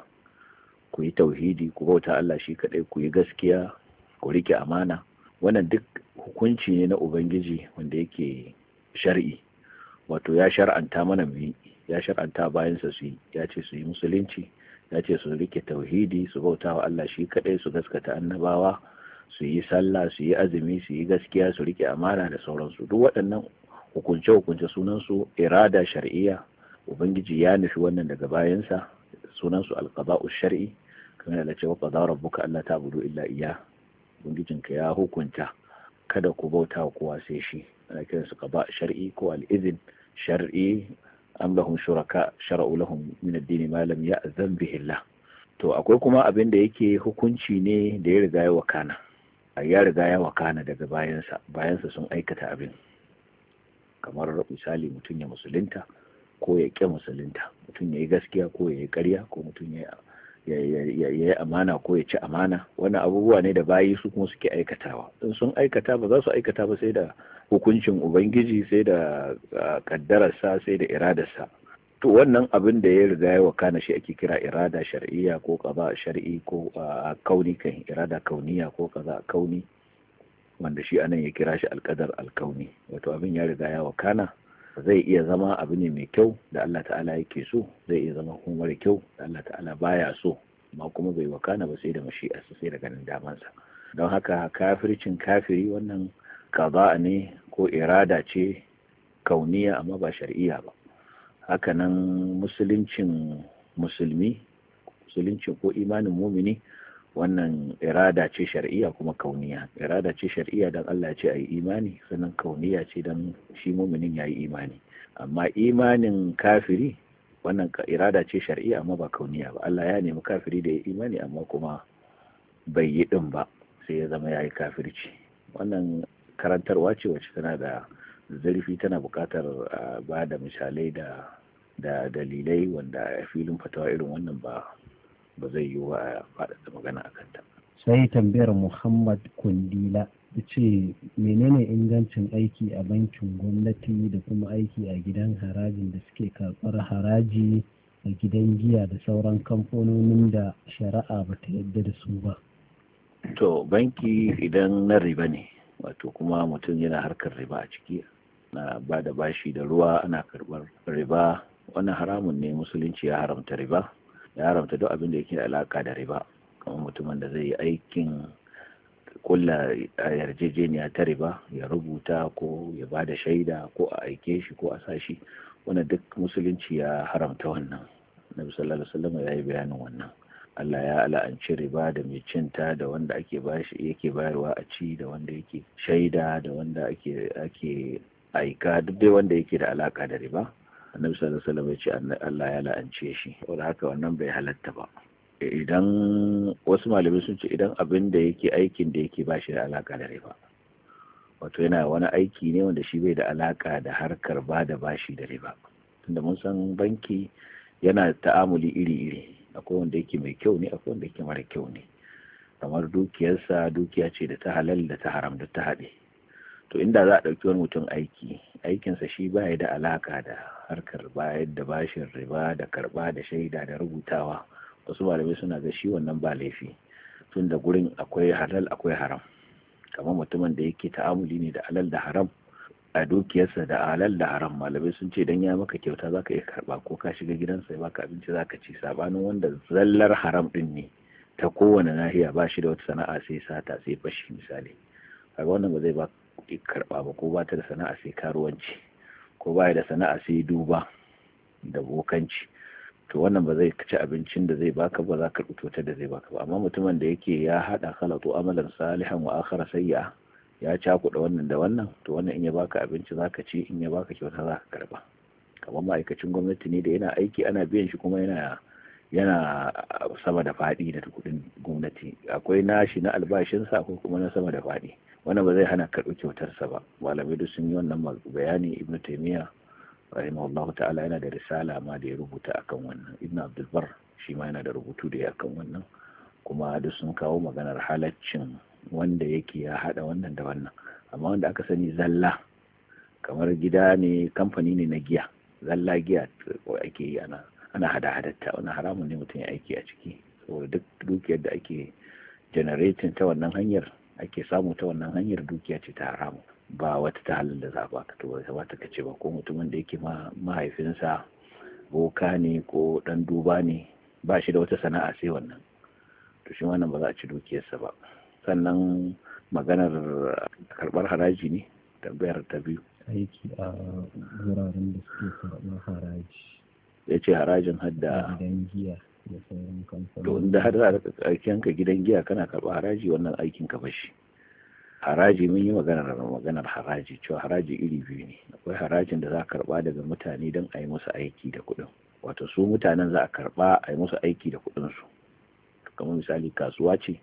ku yi tauhidi ku bauta Allah shi kadai ku yi gaskiya ku rike amana wannan duk hukunci ne na ubangiji wanda yake shar'i wato ya shar'anta mana mu yi ya shar'anta bayansa su ya ce su yi musulunci ya ce su rike tauhidi su bauta wa Allah shi kadai su gaskata annabawa su yi sallah su yi azumi su yi gaskiya su rike amana da sauransu duk waɗannan hukunce hukunce sunansu irada shar'iyya ubangiji ya nufi wannan daga bayansa sunansu alqada'u shar'i kamar da ce wa qada rabbuka alla ta'budu illa Ubangijin ubangijinka ya hukunta kada ku bauta kowa sai shi ana kiransu qada shar'i ko al shar'i am lahum shuraka shara'u lahum min ad-din ma lam ya'zan bihi Allah to akwai kuma abin da yake hukunci ne da ya riga ya wakana ya riga ya wakana daga bayansa bayansa sun aikata abin kamar misali mutum ya musulunta ko ya ƙi musulunta mutum ya yi gaskiya ko ya yi ƙarya ko mutum ya yi amana ko ya ci amana wannan abubuwa ne da bayi su kuma suke aikatawa in sun aikata ba za su aikata ba sai da hukuncin ubangiji sai da kaddararsa sai da iradarsa to wannan abin da ya riga ya wakana shi ake kira irada shar'iyya ko kaza shar'i ko kauni kan irada kauniya ko kaza kauni wanda shi anan ya kira shi alkadar alkauni wato abin ya riga ya wakana zai iya zama abu ne mai kyau da Allah ta'ala yake so zai iya zama kuma mara kyau da Allah ta'ala baya so amma kuma bai wakana ba sai da mashi'a sai da ganin damansa don haka kafircin kafiri wannan kaza ne ko irada ce kauniya amma ba shar'iyya ba hakanan musuluncin musulmi musulunci ko imanin mumini wannan irada ce shar'iyya kuma kauniya irada ce shar'iyya dan Allah ya ce yi imani sannan kauniya ce dan shi muminin yi imani amma imanin kafiri wannan irada ce shar'iyya amma ba kauniya ba Allah ya nemi kafiri da ya yi imani amma kuma bai yi din ba sai ya zama ya yi kafirci wannan karantarwa ce wacce tana da zurfi tana buƙatar ba da misalai da da dalilai wanda filin fatawa irin wannan ba ba zai yi wa faɗaɗa magana a kanta. sai tambayar muhammad kundila ta ce menene ingancin aiki a bankin gwamnati da kuma aiki a gidan harajin da suke karɓar haraji a gidan giya da sauran kamfanonin da shari'a ba ta yadda da su ba to banki idan na riba ne wato kuma mutum yana harkar riba a ciki na ba da bashi da ruwa ana karbar riba wannan haramun ne musulunci ya haramta riba ya haramta duk abin da yake alaka da riba kamar mutumin da zai yi aikin kulla a yarjejeniya ta riba ya rubuta ko ya ba da shaida ko a aike shi ko a sashi wannan duk musulunci ya haramta wannan nabi sallallahu alaihi wasallam ya yi bayanin wannan Allah ya la'anci riba da mai cinta da wanda ake bashi yake bayarwa a ci da wanda yake shaida da wanda ake aika duk dai wanda yake da alaka da riba annabi sallallahu alaihi wasallam ya ce Allah ya la'ance shi wanda haka wannan bai halatta ba idan wasu malamai sun ce idan abin da yake aikin da yake bashi da alaka da riba wato yana wani aiki ne wanda shi bai da alaka da harkar ba da bashi da riba tunda mun san banki yana ta'amuli iri-iri akwai wanda yake mai kyau ne akwai wanda yake mara kyau ne kamar dukiyarsa dukiya ce da ta halal da ta haram da ta haɗe to inda za a ɗauki wani mutum aiki aikinsa shi baya da alaka da harkar bayar da bashin riba da karɓa da shaida da rubutawa wasu malamai suna ga shi wannan ba laifi tun da gurin akwai halal akwai haram kamar mutumin da yake ta'amuli ne da halal da haram a dukiyarsa da alal da haram malamai sun ce dan ya maka kyauta zaka iya karba ko ka shiga gidansa ya baka abinci zaka ci sabanin wanda zallar haram ɗin ne ta kowane nahiya ba shi da wata sana'a sai sata sai fashi misali kaga wannan ba zai ba kuɗi karba ba ko ba ta da sana'a sai karuwanci ko ba da sana'a sai duba da bokanci to wannan ba zai ci abincin da zai baka ba za ka rubuta da zai baka ba amma mutumin da yake ya haɗa khalatu amalan salihan wa akhara sayya ya cakuɗa wannan da wannan to wannan in ya baka abinci zaka ci in ya baka kyauta za ka karba kamar ma'aikacin gwamnati ne da yana aiki ana biyan shi kuma yana yana sama da faɗi da kuɗin gwamnati akwai nashi na albashinsa ko kuma na sama da faɗi wannan ba zai hana karɓi kyautarsa ba malamai duk sun yi wannan bayani ibnu taimiya rahimahullahu ta'ala yana da risala ma da ya rubuta akan wannan ibnu abdulbar shi ma yana da rubutu da ya akan wannan kuma duk sun kawo maganar halaccin wanda yake ya haɗa wannan da wannan amma wanda aka sani zalla kamar gida ne kamfani ne na giya zalla giya ake yi ana ana hada hadatta wani haramun ne mutum ya aiki a ciki saboda duk dukiyar da ake generating ta wannan hanyar ake samu ta wannan hanyar dukiya ce ta haramu ba wata ta halin da za a baka to ba ta kace ba ko mutumin da yake mahaifinsa boka ne ko dan duba ne ba shi da wata sana'a sai wannan to shi wannan ba za a ci dukiyarsa ba sannan maganar karɓar haraji ne tambayar ta biyu aiki a wuraren da suke karbar haraji ya ce harajin hadda gidan giya da sauran kamfanoni ka gidan giya kana karbar haraji wannan aikin ka bashi haraji mun yi maganar maganar haraji cewa haraji iri biyu ne akwai harajin da za a karba daga mutane don a yi musu aiki da kuɗin wato su mutanen za a karba a yi musu aiki da kuɗin su kamar misali kasuwa ce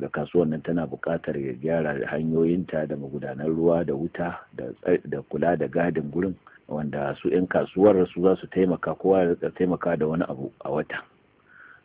da kasuwan nan tana buƙatar ya gyara hanyoyinta da magudanar ruwa da wuta da kula da gadin gurin wanda su 'yan kasuwar su za su taimaka kowa ya taimaka da wani abu a wata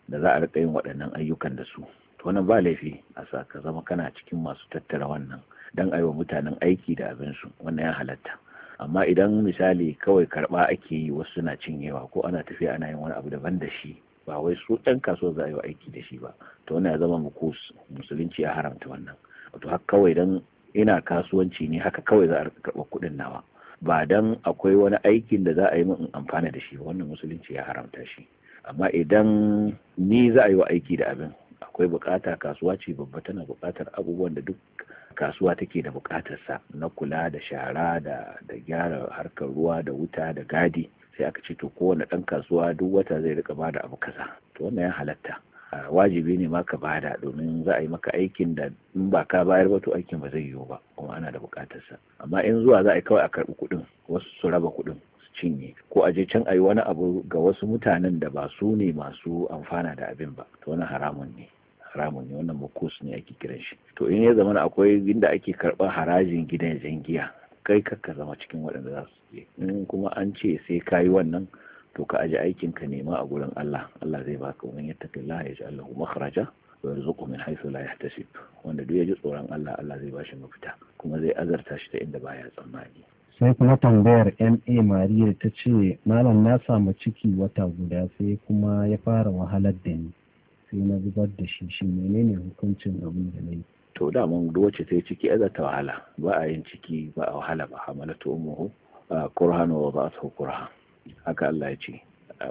da za a rika yin waɗannan ayyukan da su To wannan ba laifi a sa ka zama kana cikin masu tattara wannan dan aiwa mutanen aiki da abin su wannan ya halatta amma idan misali kawai karɓa ake yi wasu suna cinyewa ko ana tafiya ana yin wani abu daban da shi ba wai su ɗan kasuwa za a yi wa aiki da shi ba to wannan ya zama mukus musulunci ya haramta wannan wato haka kawai dan ina kasuwanci ne haka kawai za a karɓar kuɗin nawa ba dan akwai wani aikin da za a yi min amfana da shi wannan musulunci ya haramta shi amma idan ni za a yi wa aiki da abin akwai bukata kasuwa ce babba tana bukatar abubuwan da duk kasuwa take da bukatarsa na kula da shara da gyara harkar ruwa da wuta da gadi sai aka ce to kowane ɗan kasuwa duk wata zai rika bada abu kaza to wannan ya halatta wajibi ne ma ka bada domin za a yi maka aikin da in ba ka bayar ba to aikin ba zai yiwu ba kuma ana da buƙatarsa amma in zuwa za a yi kawai a karɓi kuɗin wasu su raba kuɗin su cinye ko a je can a yi wani abu ga wasu mutanen da ba su ne masu amfana da abin ba to wannan haramun ne haramun ne wannan makus ne ake kiran shi to in ya zama akwai inda ake karɓar harajin gidan giya kai kakka zama cikin waɗanda za su in kuma an ce sai ka yi wannan to ka aji aikin ka nema a gurin Allah Allah zai baka wani ya tafi Allah ya ji Allah kharaja wa yarzuqu min haythu la yahtasib wanda duk ya ji tsoron Allah Allah zai bashi mafita kuma zai azarta shi ta inda baya tsammani sai kuma tambayar ma Maria ta ce malam na samu ciki wata guda sai kuma ya fara wahalar da ni sai na zubar da shi shi menene hukuncin abin da na to da mun duk wacce ta yi ciki azarta wahala ba a yin ciki ba a wahala ba hamalatu ummuhu kurhan wa su kurha haka Allah ya ce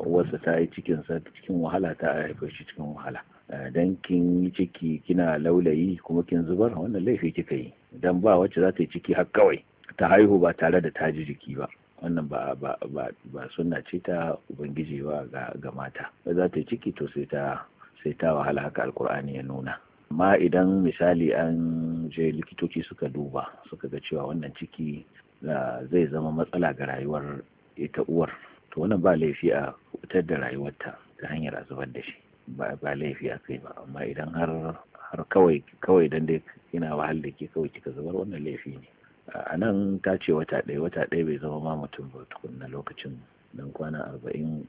Wasu ta yi cikinsa cikin wahala ta haife shi cikin wahala dan kin yi ciki kina laulayi kuma kin zubar wannan laifi kika yi dan ba wacce za ta yi ciki har kawai ta haihu ba tare da taji jiki ba wannan ba ba ba, sunna ce ta ubangiji ba ga, mata ba za ta yi ciki to sai ta sai ta wahala haka alkur'ani ya nuna amma idan misali an je likitoci suka duba suka ga cewa wannan ciki zai zama matsala ga rayuwar ita uwar to wannan ba laifi a fitar da rayuwarta ta hanyar a zubar da shi ba laifi a kai ba amma idan har kawai kawai dan dai kina wahal da ke kawai kika zubar wannan laifi ne a nan ta ce wata ɗaya wata ɗaya bai zama ma mutum ba na lokacin nan kwana arba'in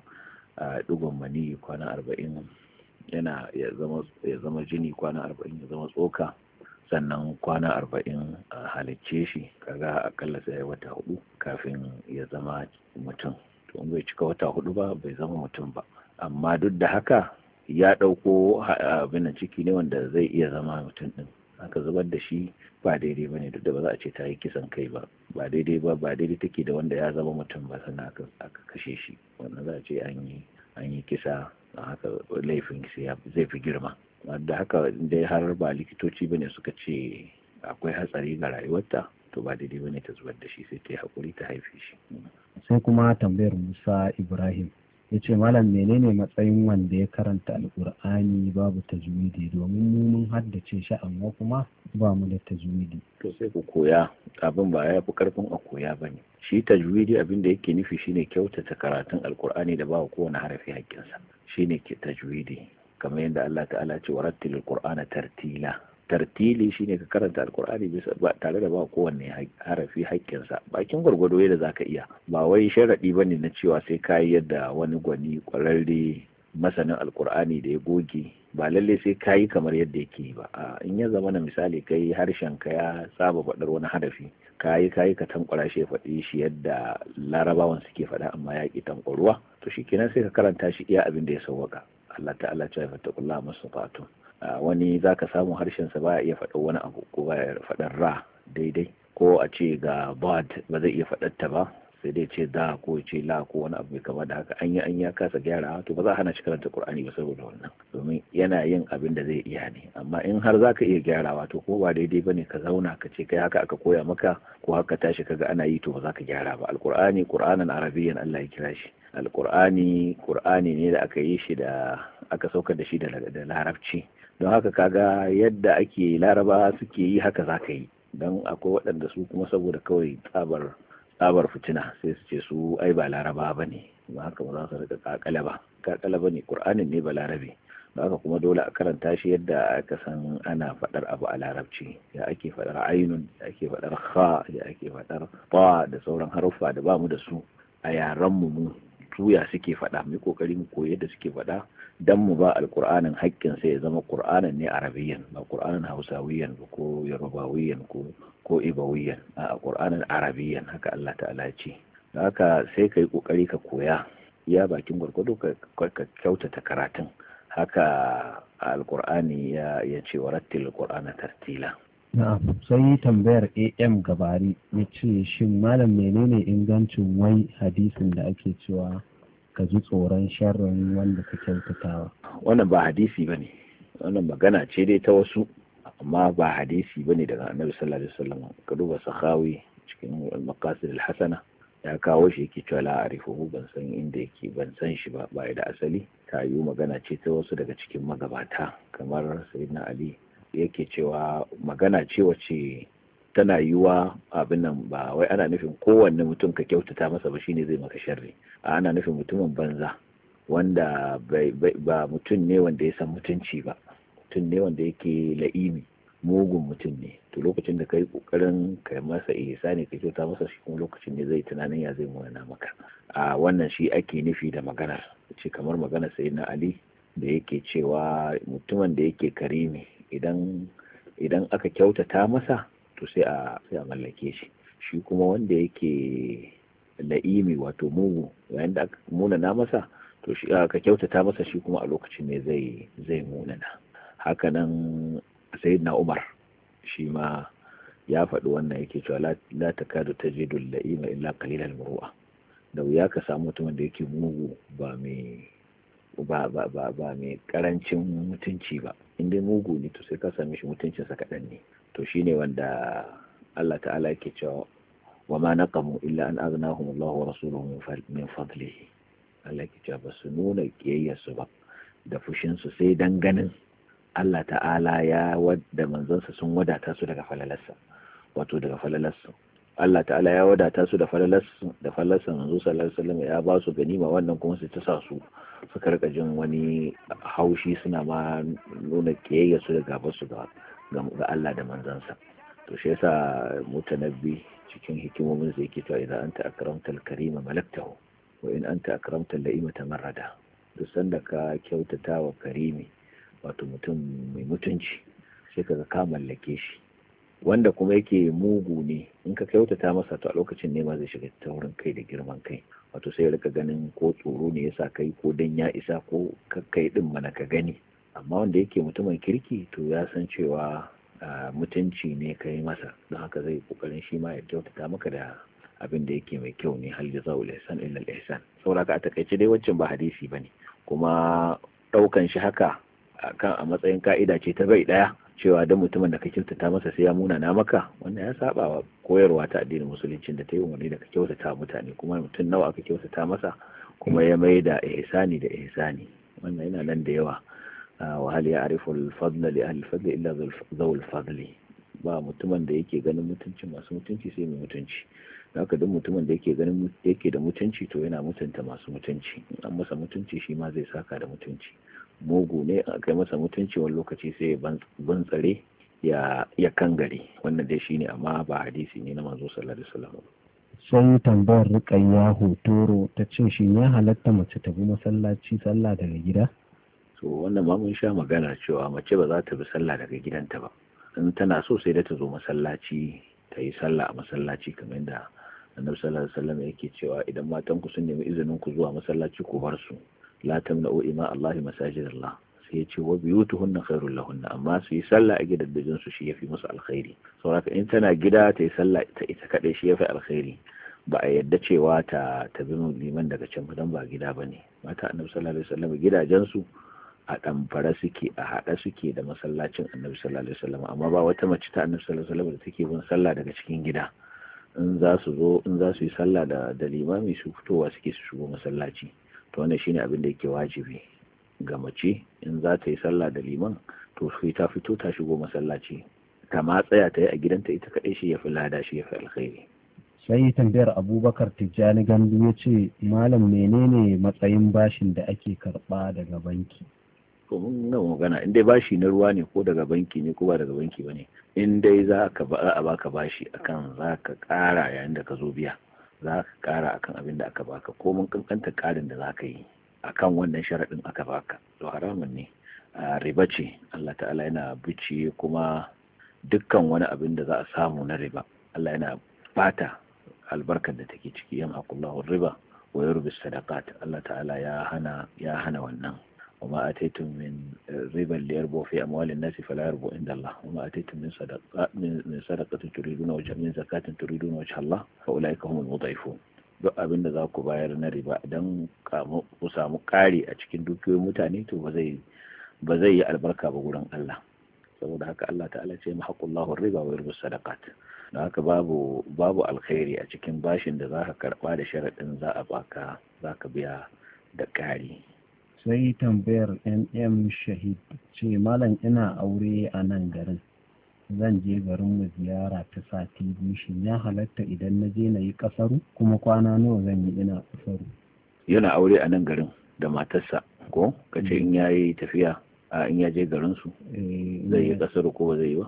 a ɗigon mani kwana arba'in yana ya zama jini kwana arba'in ya zama tsoka sannan kwana arba'in a halicce shi kaga akalla sai wata hudu kafin ya zama mutum to in bai cika wata hudu ba bai zama mutum ba amma duk da haka ya ɗauko abin ciki ne wanda zai iya zama mutum ɗin aka zubar da shi ba daidai ba ne duk da ba za a ce ta yi kisan kai ba ba daidai ba ba daidai take da wanda ya zama mutum ba sannan aka kashe shi wannan za a ce an yi kisa a haka laifin zai fi girma wadda haka dai har ba likitoci bane suka ce akwai hatsari ga rayuwarta to ba daidai bane ta zubar da shi sai ta yi hakuri ta haife shi sai kuma tambayar musa ibrahim ya ce malam menene matsayin wanda ya karanta alkur'ani babu tajwidi domin mu haddace shi amma kuma ba mu da tajwidi to sai ku koya abin ba ya fi karfin a koya ba ne shi tajwidi abin da yake nufi shine kyautata karatun alkur'ani da ba kowane harafi hakkinsa shine ke tajwidi kamar yadda Allah ta'ala ce wa rattilil qur'ana tartila tartili shine ka karanta alqur'ani bisa ba tare da ba kowanne harafi sa bakin gwargwado yadda zaka iya ba wai sharadi bane na cewa sai ka yi yadda wani gwani kwararre masanin alqur'ani da ya goge ba lalle sai ka yi kamar yadda yake ba a in ya zama na misali kai harshen ka ya saba faɗar wani harafi ka yi ka yi ka tankwara shi ya faɗi shi yadda larabawan suke faɗa amma ya ƙi tankwaruwa to shi kenan sai ka karanta shi iya abin da ya sauwaka Allah ta'ala ce fattaqullaha Aa wani zaka samu harshen sa ya iya faɗa wani abu ko ba ya faɗar ra daidai ko a ce ga bad ba zai iya faɗar ta ba sai dai ce da ko ce la ko wani abu mai kama da haka an yi an ya kasa gyara to ba za a hana shi karanta qur'ani ba saboda wannan domin yana yin abin da zai iya ne amma in har za ka iya gyarawa to ko ba daidai ne ka zauna ka ce kai haka aka koya maka ko haka tashi kaga ana yi to ba za ka gyara ba alqur'ani qur'anan arabiyyan Allah ya kira shi alkur'ani kur'ani ne da aka yi shi da aka saukar da shi da larabci don haka kaga yadda ake laraba suke yi haka za ka yi don akwai waɗanda su kuma saboda kawai tsabar fitina sai su ce su ai ba laraba ba ne ba haka ba za su rika kakala ba kakala ba ne ƙur'anin ne ba larabe ba haka kuma dole a karanta shi yadda aka san ana faɗar abu a larabci ya ake faɗar ainun ya ake faɗar kha ya ake faɗar fa da sauran haruffa da ba mu da su a yaran mu suya suke faɗa mu kokari mu koyi da suke faɗa dan mu ba alqur'anin haƙƙin sai ya zama qur'anin ne arabiyan ba qur'anin hausawiyan ba ko yorubawiyan ko ko ibawiyan a qur'anin arabiyan haka Allah ta'ala ya ce haka sai kai kokari ka koya iya bakin gwargwado ka kyautata karatun haka alqur'ani ya ya ce warattil qur'ana tartila Na'am, sai tambayar AM gabari ya ce shin malam menene ingancin wai hadisin da ake cewa ka ji tsoron sharrin wanda ka kyautatawa wannan ba hadisi ba ne wannan magana ce dai ta wasu amma ba hadisi bane daga annabi sallallahu alaihi wasallam ka duba sahawi cikin al-maqasid hasana ya kawo shi yake cewa la arifuhu ban san inda yake ban san shi ba ba da asali ta yi magana ce ta wasu daga cikin magabata kamar sayyidina ali yake cewa magana ce wace tana yiwa abin nan ba wai ana nufin kowanne mutum ka kyautata masa ba shine zai maka sharri ana nufin mutumin banza wanda ba mutum ne wanda ya san mutunci ba mutum ne wanda yake la'imi mugun mutum ne to lokacin da kai kokarin ka masa ihsa ne ka kyauta masa shi kuma lokacin ne zai tunanin ya zai muna maka a wannan shi ake nufi da magana ce kamar magana sai na ali da yake cewa mutumin da yake karimi idan idan aka kyautata masa to sai a sai a mallake shi shi kuma wanda yake la'imi wato mugu yayin da aka munana masa to shi aka kyautata masa shi kuma a lokacin ne zai zai munana hakanan sayyidina Umar shi ma ya faɗi wannan yake cewa la takadu tajidu la'ima illa qalilal muruwa, da wuya ka samu mutumin da yake mugu ba mai ba ba mai karancin mutunci ba inda mugu ne to sai ka same shi mutuncinsa kaɗan ne to shine wanda Allah ta'ala yake cewa wa ma naqamu illa an aghnahum Allah wa rasuluhu min fadlihi Allah yake cewa ba su nuna kiyayyarsu ba da fushin su sai dan ganin Allah ta'ala ya wadda sa sun wadata su daga falalarsa wato daga falalarsa Allah ta'ala ya wadata su da falalarsa da falalarsa manzo sallallahu alaihi wasallam ya ba su ganima wannan kuma su ta sa su suka rika jin wani haushi suna ma nuna kiyayya su da gabar su ga Allah da manzansa to shi yasa mutanabbi cikin hikimomin sa yake cewa idan anta akramtal karima malaktahu wa in anta akramtal la'ima tamarrada duk sanda ka kyautata wa karimi wato mutum mai mutunci sai ka ka mallake shi wanda kuma yake mugu ne in ka kyautata masa to a lokacin ne ma zai shiga ta wurin kai da girman kai wato sai rika ganin ko tsoro ne yasa kai ko dan ya isa ko kai din mana ka gani amma wanda yake mutumin kirki to ya san cewa mutunci ne ka yi masa don haka zai kokarin shi ma ya kyautata maka da abin da yake mai kyau ne hal zau lesan illa lesan saboda ka a takaice dai wancan ba hadisi ba ne kuma ɗaukan shi haka kan a matsayin ka'ida ce ta bai ɗaya. cewa don mutumin da ka kyautata masa sai ya muna na maka wannan ya saba wa koyarwa ta addinin musulunci da ta yi umarni da ka kyautata mutane kuma mutum nawa aka kyautata masa kuma ya mai da ihsani da ihsani wannan yana nan da yawa wa hal ya'rifu al-fadla li al fadl illa zawul fadli ba mutumin da yake ganin mutunci masu mutunci sai mai mutunci haka duk mutumin da yake ganin yake da mutunci to yana mutunta masu mutunci an masa mutunci shi ma zai saka da mutunci mugu ne a kai masa mutunci wani lokaci sai ban tsare ya kan gari wannan dai shine amma ba hadisi ne na manzo sallallahu alaihi wasallam sai tambayar rukayya hotoro ta ce shi ne halatta mace ta bi masallaci sallah daga gida to wannan ma mun sha magana cewa mace ba za ta bi sallah daga gidanta ba in tana so sai da ta zo masallaci ta yi sallah a masallaci kamar yadda annabi sallallahu alaihi wasallam yake cewa idan matanku sun nemi izinin ku zuwa masallaci ku bar su la tamna'u ima Allah masajid Allah sai ya ce wa biyutuhunna khairul lahunna amma su yi sallah a gidaddajin su shi yafi musu alkhairi saboda in tana gida ta yi sallah ta ita kadai shi yafi alkhairi ba a yadda cewa ta bi liman daga can dan ba gida bane mata annabi sallallahu alaihi wasallam gidajen su a ɗamfara suke a haɗa suke da masallacin annabi sallallahu alaihi wasallam amma ba wata mace ta annabi sallallahu alaihi wasallam da take bin sallah daga cikin gida in za su zo in za su yi sallah da da limami su fitowa suke su shigo masallaci to wannan shine abin da yake wajibi ga mace in za ta yi sallah da liman to sai ta fito ta shigo masallaci ta ma tsaya ta yi a gidanta ita kaɗai shi ya fi lada shi ya fi alkhairi sai tambayar abubakar tijjani gandu ya ce malam menene matsayin bashin da ake karɓa daga banki Ko mun nan magana in dai bashi na ruwa ne ko daga banki ne ko ba daga banki ba ne in dai za ka ba a baka bashi akan za ka ƙara yayin da ka zo biya za ka kara akan abin da aka baka ko mun kankanta karin da za ka yi akan wannan sharaɗin aka baka to haramun ne riba ce Allah ta'ala yana bici kuma dukkan wani abin da za a samu na riba Allah yana bata albarkar da take ciki yamhaqullahu riba wa yurbi sadaqat Allah ta'ala ya hana wannan وما أتيتم من ربا ليربو في أموال الناس فلا يربو عند الله وما أتيتم من صدقة من صدقة تريدون وجه من زكاة تريدون وجه الله فأولئك هم المضعفون duk abin da za ku bayar na riba don ku samu ƙari a cikin dukiyoyin mutane to ba zai yi albarka ba wurin Allah saboda haka Allah ta'ala ce mahaqullahu riba wa yurbus sadaqat Da haka babu babu alkhairi a cikin bashin da zaka karɓa da sharaɗin za a baka zaka biya da ƙari sai tambayar nm shahid ce malam ina aure a nan garin zan je garin mu ziyara ta sati biyu shi ya halatta idan na je na yi kasaru kuma kwana nawa zan yi ina kasaru yana aure a nan garin da matarsa ko kace mm. in ya yi tafiya a in ya je garin su eh, zai yi kasaru ko ba zai yi ba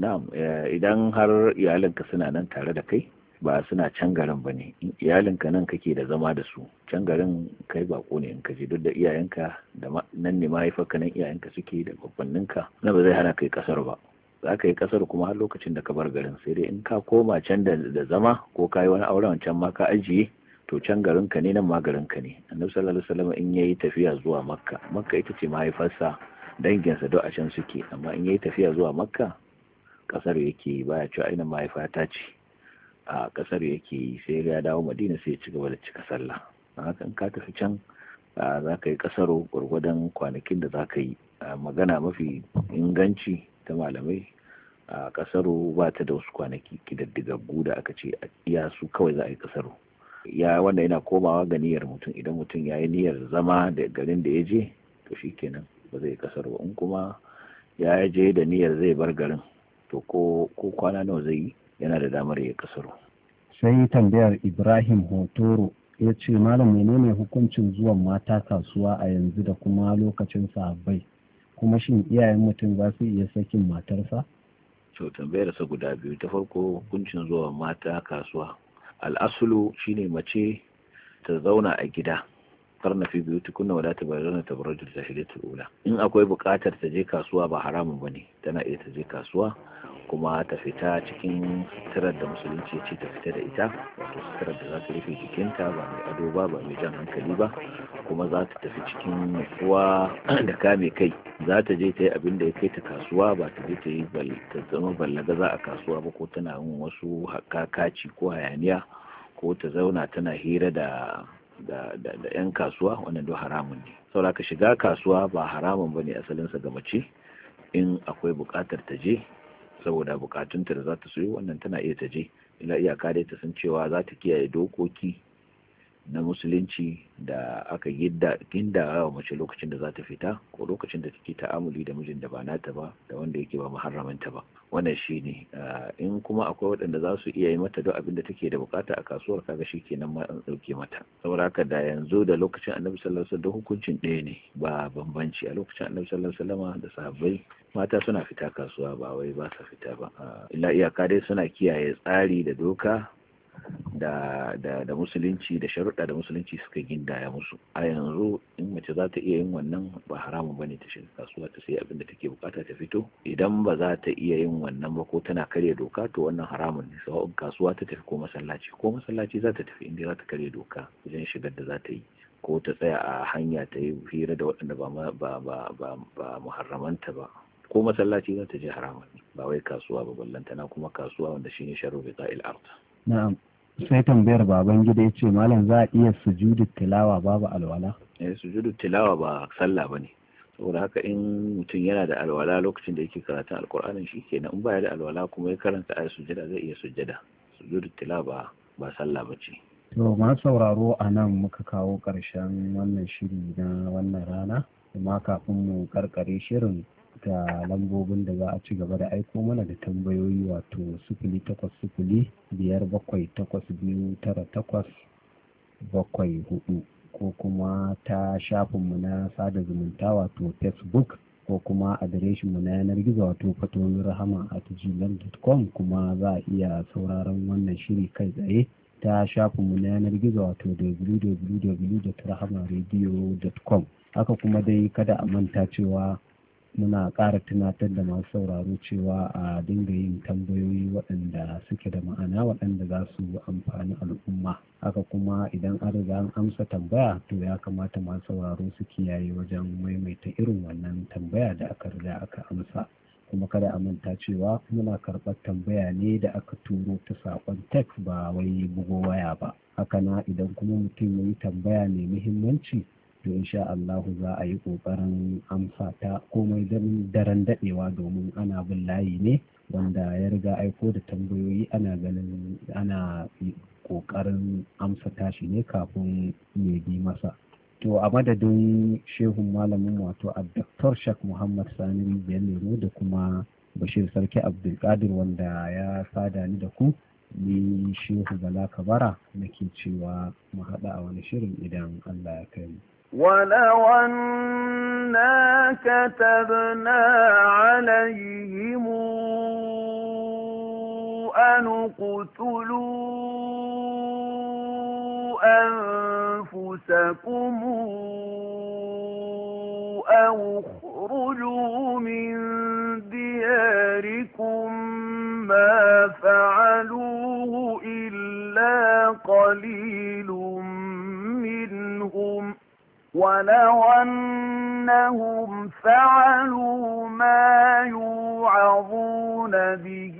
na'am eh, idan har iyalinka suna nan tare da kai ba suna can garin ba ne iyalinka nan kake da zama da su can garin kai bako ne in ka je duk da iyayenka da nan ne mahaifarka nan iyayenka suke da babbanninka na ba zai hana kai kasar ba za ka yi kasar kuma har lokacin da ka bar garin sai dai in ka koma can da zama ko ka yi wani auren can ma ka ajiye to can garin ka ne nan ma garin ka ne annabi sallallahu alaihi wasallam in yayi tafiya zuwa makka makka ita ce mahaifarsa danginsa duk a can suke amma in yayi tafiya zuwa makka kasar yake baya cewa ina mahaifata ce a kasar yake yi sai ya dawo madina sai ya ci gaba da cika sallah don haka ka tafi can za ka yi kasaro gwargwadon kwanakin da za ka yi magana mafi inganci ta malamai a kasaro ba ta da wasu kwanaki kididdigaggu da aka ce iya su kawai za a yi kasaro ya wanda yana komawa ga niyyar mutum idan mutum ya yi niyyar zama da garin da ya je to kenan ba zai kasar ba in kuma ya je da niyyar zai bar garin to ko kwana nawa zai yi yana da damar ya kasaro sai tambayar ibrahim hotoro ya ce malam menene hukuncin zuwan mata kasuwa a yanzu da kuma lokacin sahabbai kuma shin iyayen mutum za su iya sakin matarsa to tambayar sa guda biyu ta farko hukuncin zuwa mata kasuwa al'asulu shine mace ta zauna a gida karna fi buyutikunna wala tabarrana tabarrujul jahiliyatul ula in akwai buƙatar ta je kasuwa ba haramun ba ne. tana iya ta je kasuwa kuma ta fita cikin sutarar da musulunci ce ta fita da ita wato sutarar da za ta rufe jikinta ba mai ado ba ba mai jan hankali ba kuma za ta tafi cikin nutsuwa da kame kai za ta je ta yi abin da ya kai ta kasuwa ba ta je ta yi ta zama za a kasuwa ba ko tana yin wasu kakaci ko hayaniya ko ta zauna tana hira da da yan kasuwa wannan duk haramun ne saboda ka shiga kasuwa ba haramun bane asalin sa ga mace in akwai buƙatar ta je saboda bukatunta da za ta wannan tana iya ta je ila iyaka dai ta san cewa za ta kiyaye dokoki na musulunci da aka ginda wa mace lokacin da za ta fita ko lokacin da take ta'amuli da mijin da ba nata ba da wanda yake ba muharramanta ba wannan shi ne ah, in kuma akwai waɗanda za su iya yi mata duk abin da take da bukata a kasuwar kaga shi kenan ma an ɗauke mata saboda haka da yanzu da lokacin annabi sallallahu alaihi wasallam hukuncin ɗaya ne ba bambanci a lokacin annabi sallallahu alaihi wasallam da sahabbai mata suna fita kasuwa ba wai ba sa fita ba ah, illa iyaka dai suna kiyaye tsari da doka da da musulunci da sharuɗa da musulunci suka gindaya musu a yanzu in mace za ta iya yin wannan ba haramun bane ta shiga kasuwa ta sayi abin da take bukata ta fito idan ba za ta iya yin wannan ba ko tana karya doka to wannan haramun ne sawa'un kasuwa ta tafi ko masallaci ko masallaci za ta tafi inda za ta karya doka wajen shigar da za ta yi ko ta tsaya a hanya ta yi hira da waɗanda ba ba muharramanta ba ko masallaci za ta je haramun ba wai kasuwa ba ballantana kuma kasuwa wanda shine sharu bi qa'il ard na'am sai tambayar baban gida yace malam za a iya sujudu tilawa babu alwala eh sujudu tilawa ba sallah bane saboda haka in mutum yana da alwala lokacin da yake karatun alkur'anin shi kenan in baya da alwala kuma ya karanta ayat sujada zai iya sujada sujudu tilawa ba sallah bace to ma sauraro a nan muka kawo ƙarshen wannan shiri na wannan rana kuma kafin mu karkare shirin Da lambobin da za a ci gaba da aiko mana da tambayoyi wato sufili takwas sufili, biyar bakwai takwas biyu tara takwas bakwai hudu ko kuma ta shafinmu na sada zumunta wato facebook ko kuma adireshinmu na yanar gizo wato fatoyin rahama at gmail.com kuma za a iya sauraron wannan shiri kai tsaye ta shafinmu na yanar gizo wato www.rahamaradio.com haka kuma dai kada a manta cewa muna ƙara tunatar da masu sauraro cewa a dinga yin tambayoyi waɗanda suke da ma'ana waɗanda za su amfani al'umma haka kuma idan an riga an amsa tambaya to ya kamata masu sauraro su kiyaye wajen maimaita irin wannan tambaya da aka riga aka amsa kuma kada a manta cewa muna karɓar tambaya ne da aka turo ta saƙon tek ba wai bugo waya ba haka na idan kuma mutum ya yi tambaya mai muhimmanci to sha Allah za a yi kokarin amsa ta komai daren dadewa domin ana bin layi ne wanda ya riga aiko da tambayoyi ana ganin ana kokarin amsa tashi ne kafin ya bi masa to a madadin shehun malamin wato abdaktar shak muhammad sani rijiyar nemo da kuma bashir sarki abdulkadir wanda ya sada ni da ku ni shehu bala kabara nake cewa mu haɗa a wani shirin idan allah ya kai mu ولو أنا كتبنا عليهم أن اقتلوا أنفسكم أو اخرجوا من دياركم ما فعلوه إلا قليل منهم ولو أنهم فعلوا ما يوعظون به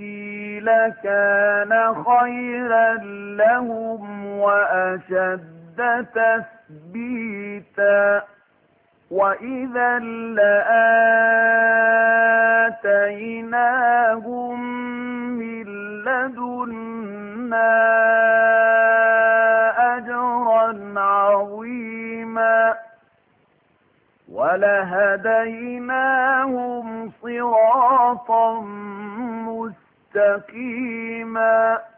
لكان خيرا لهم وأشد تثبيتا وإذا لآتيناهم من لدنا أجرا عظيما ولهديناهم صراطا مستقيما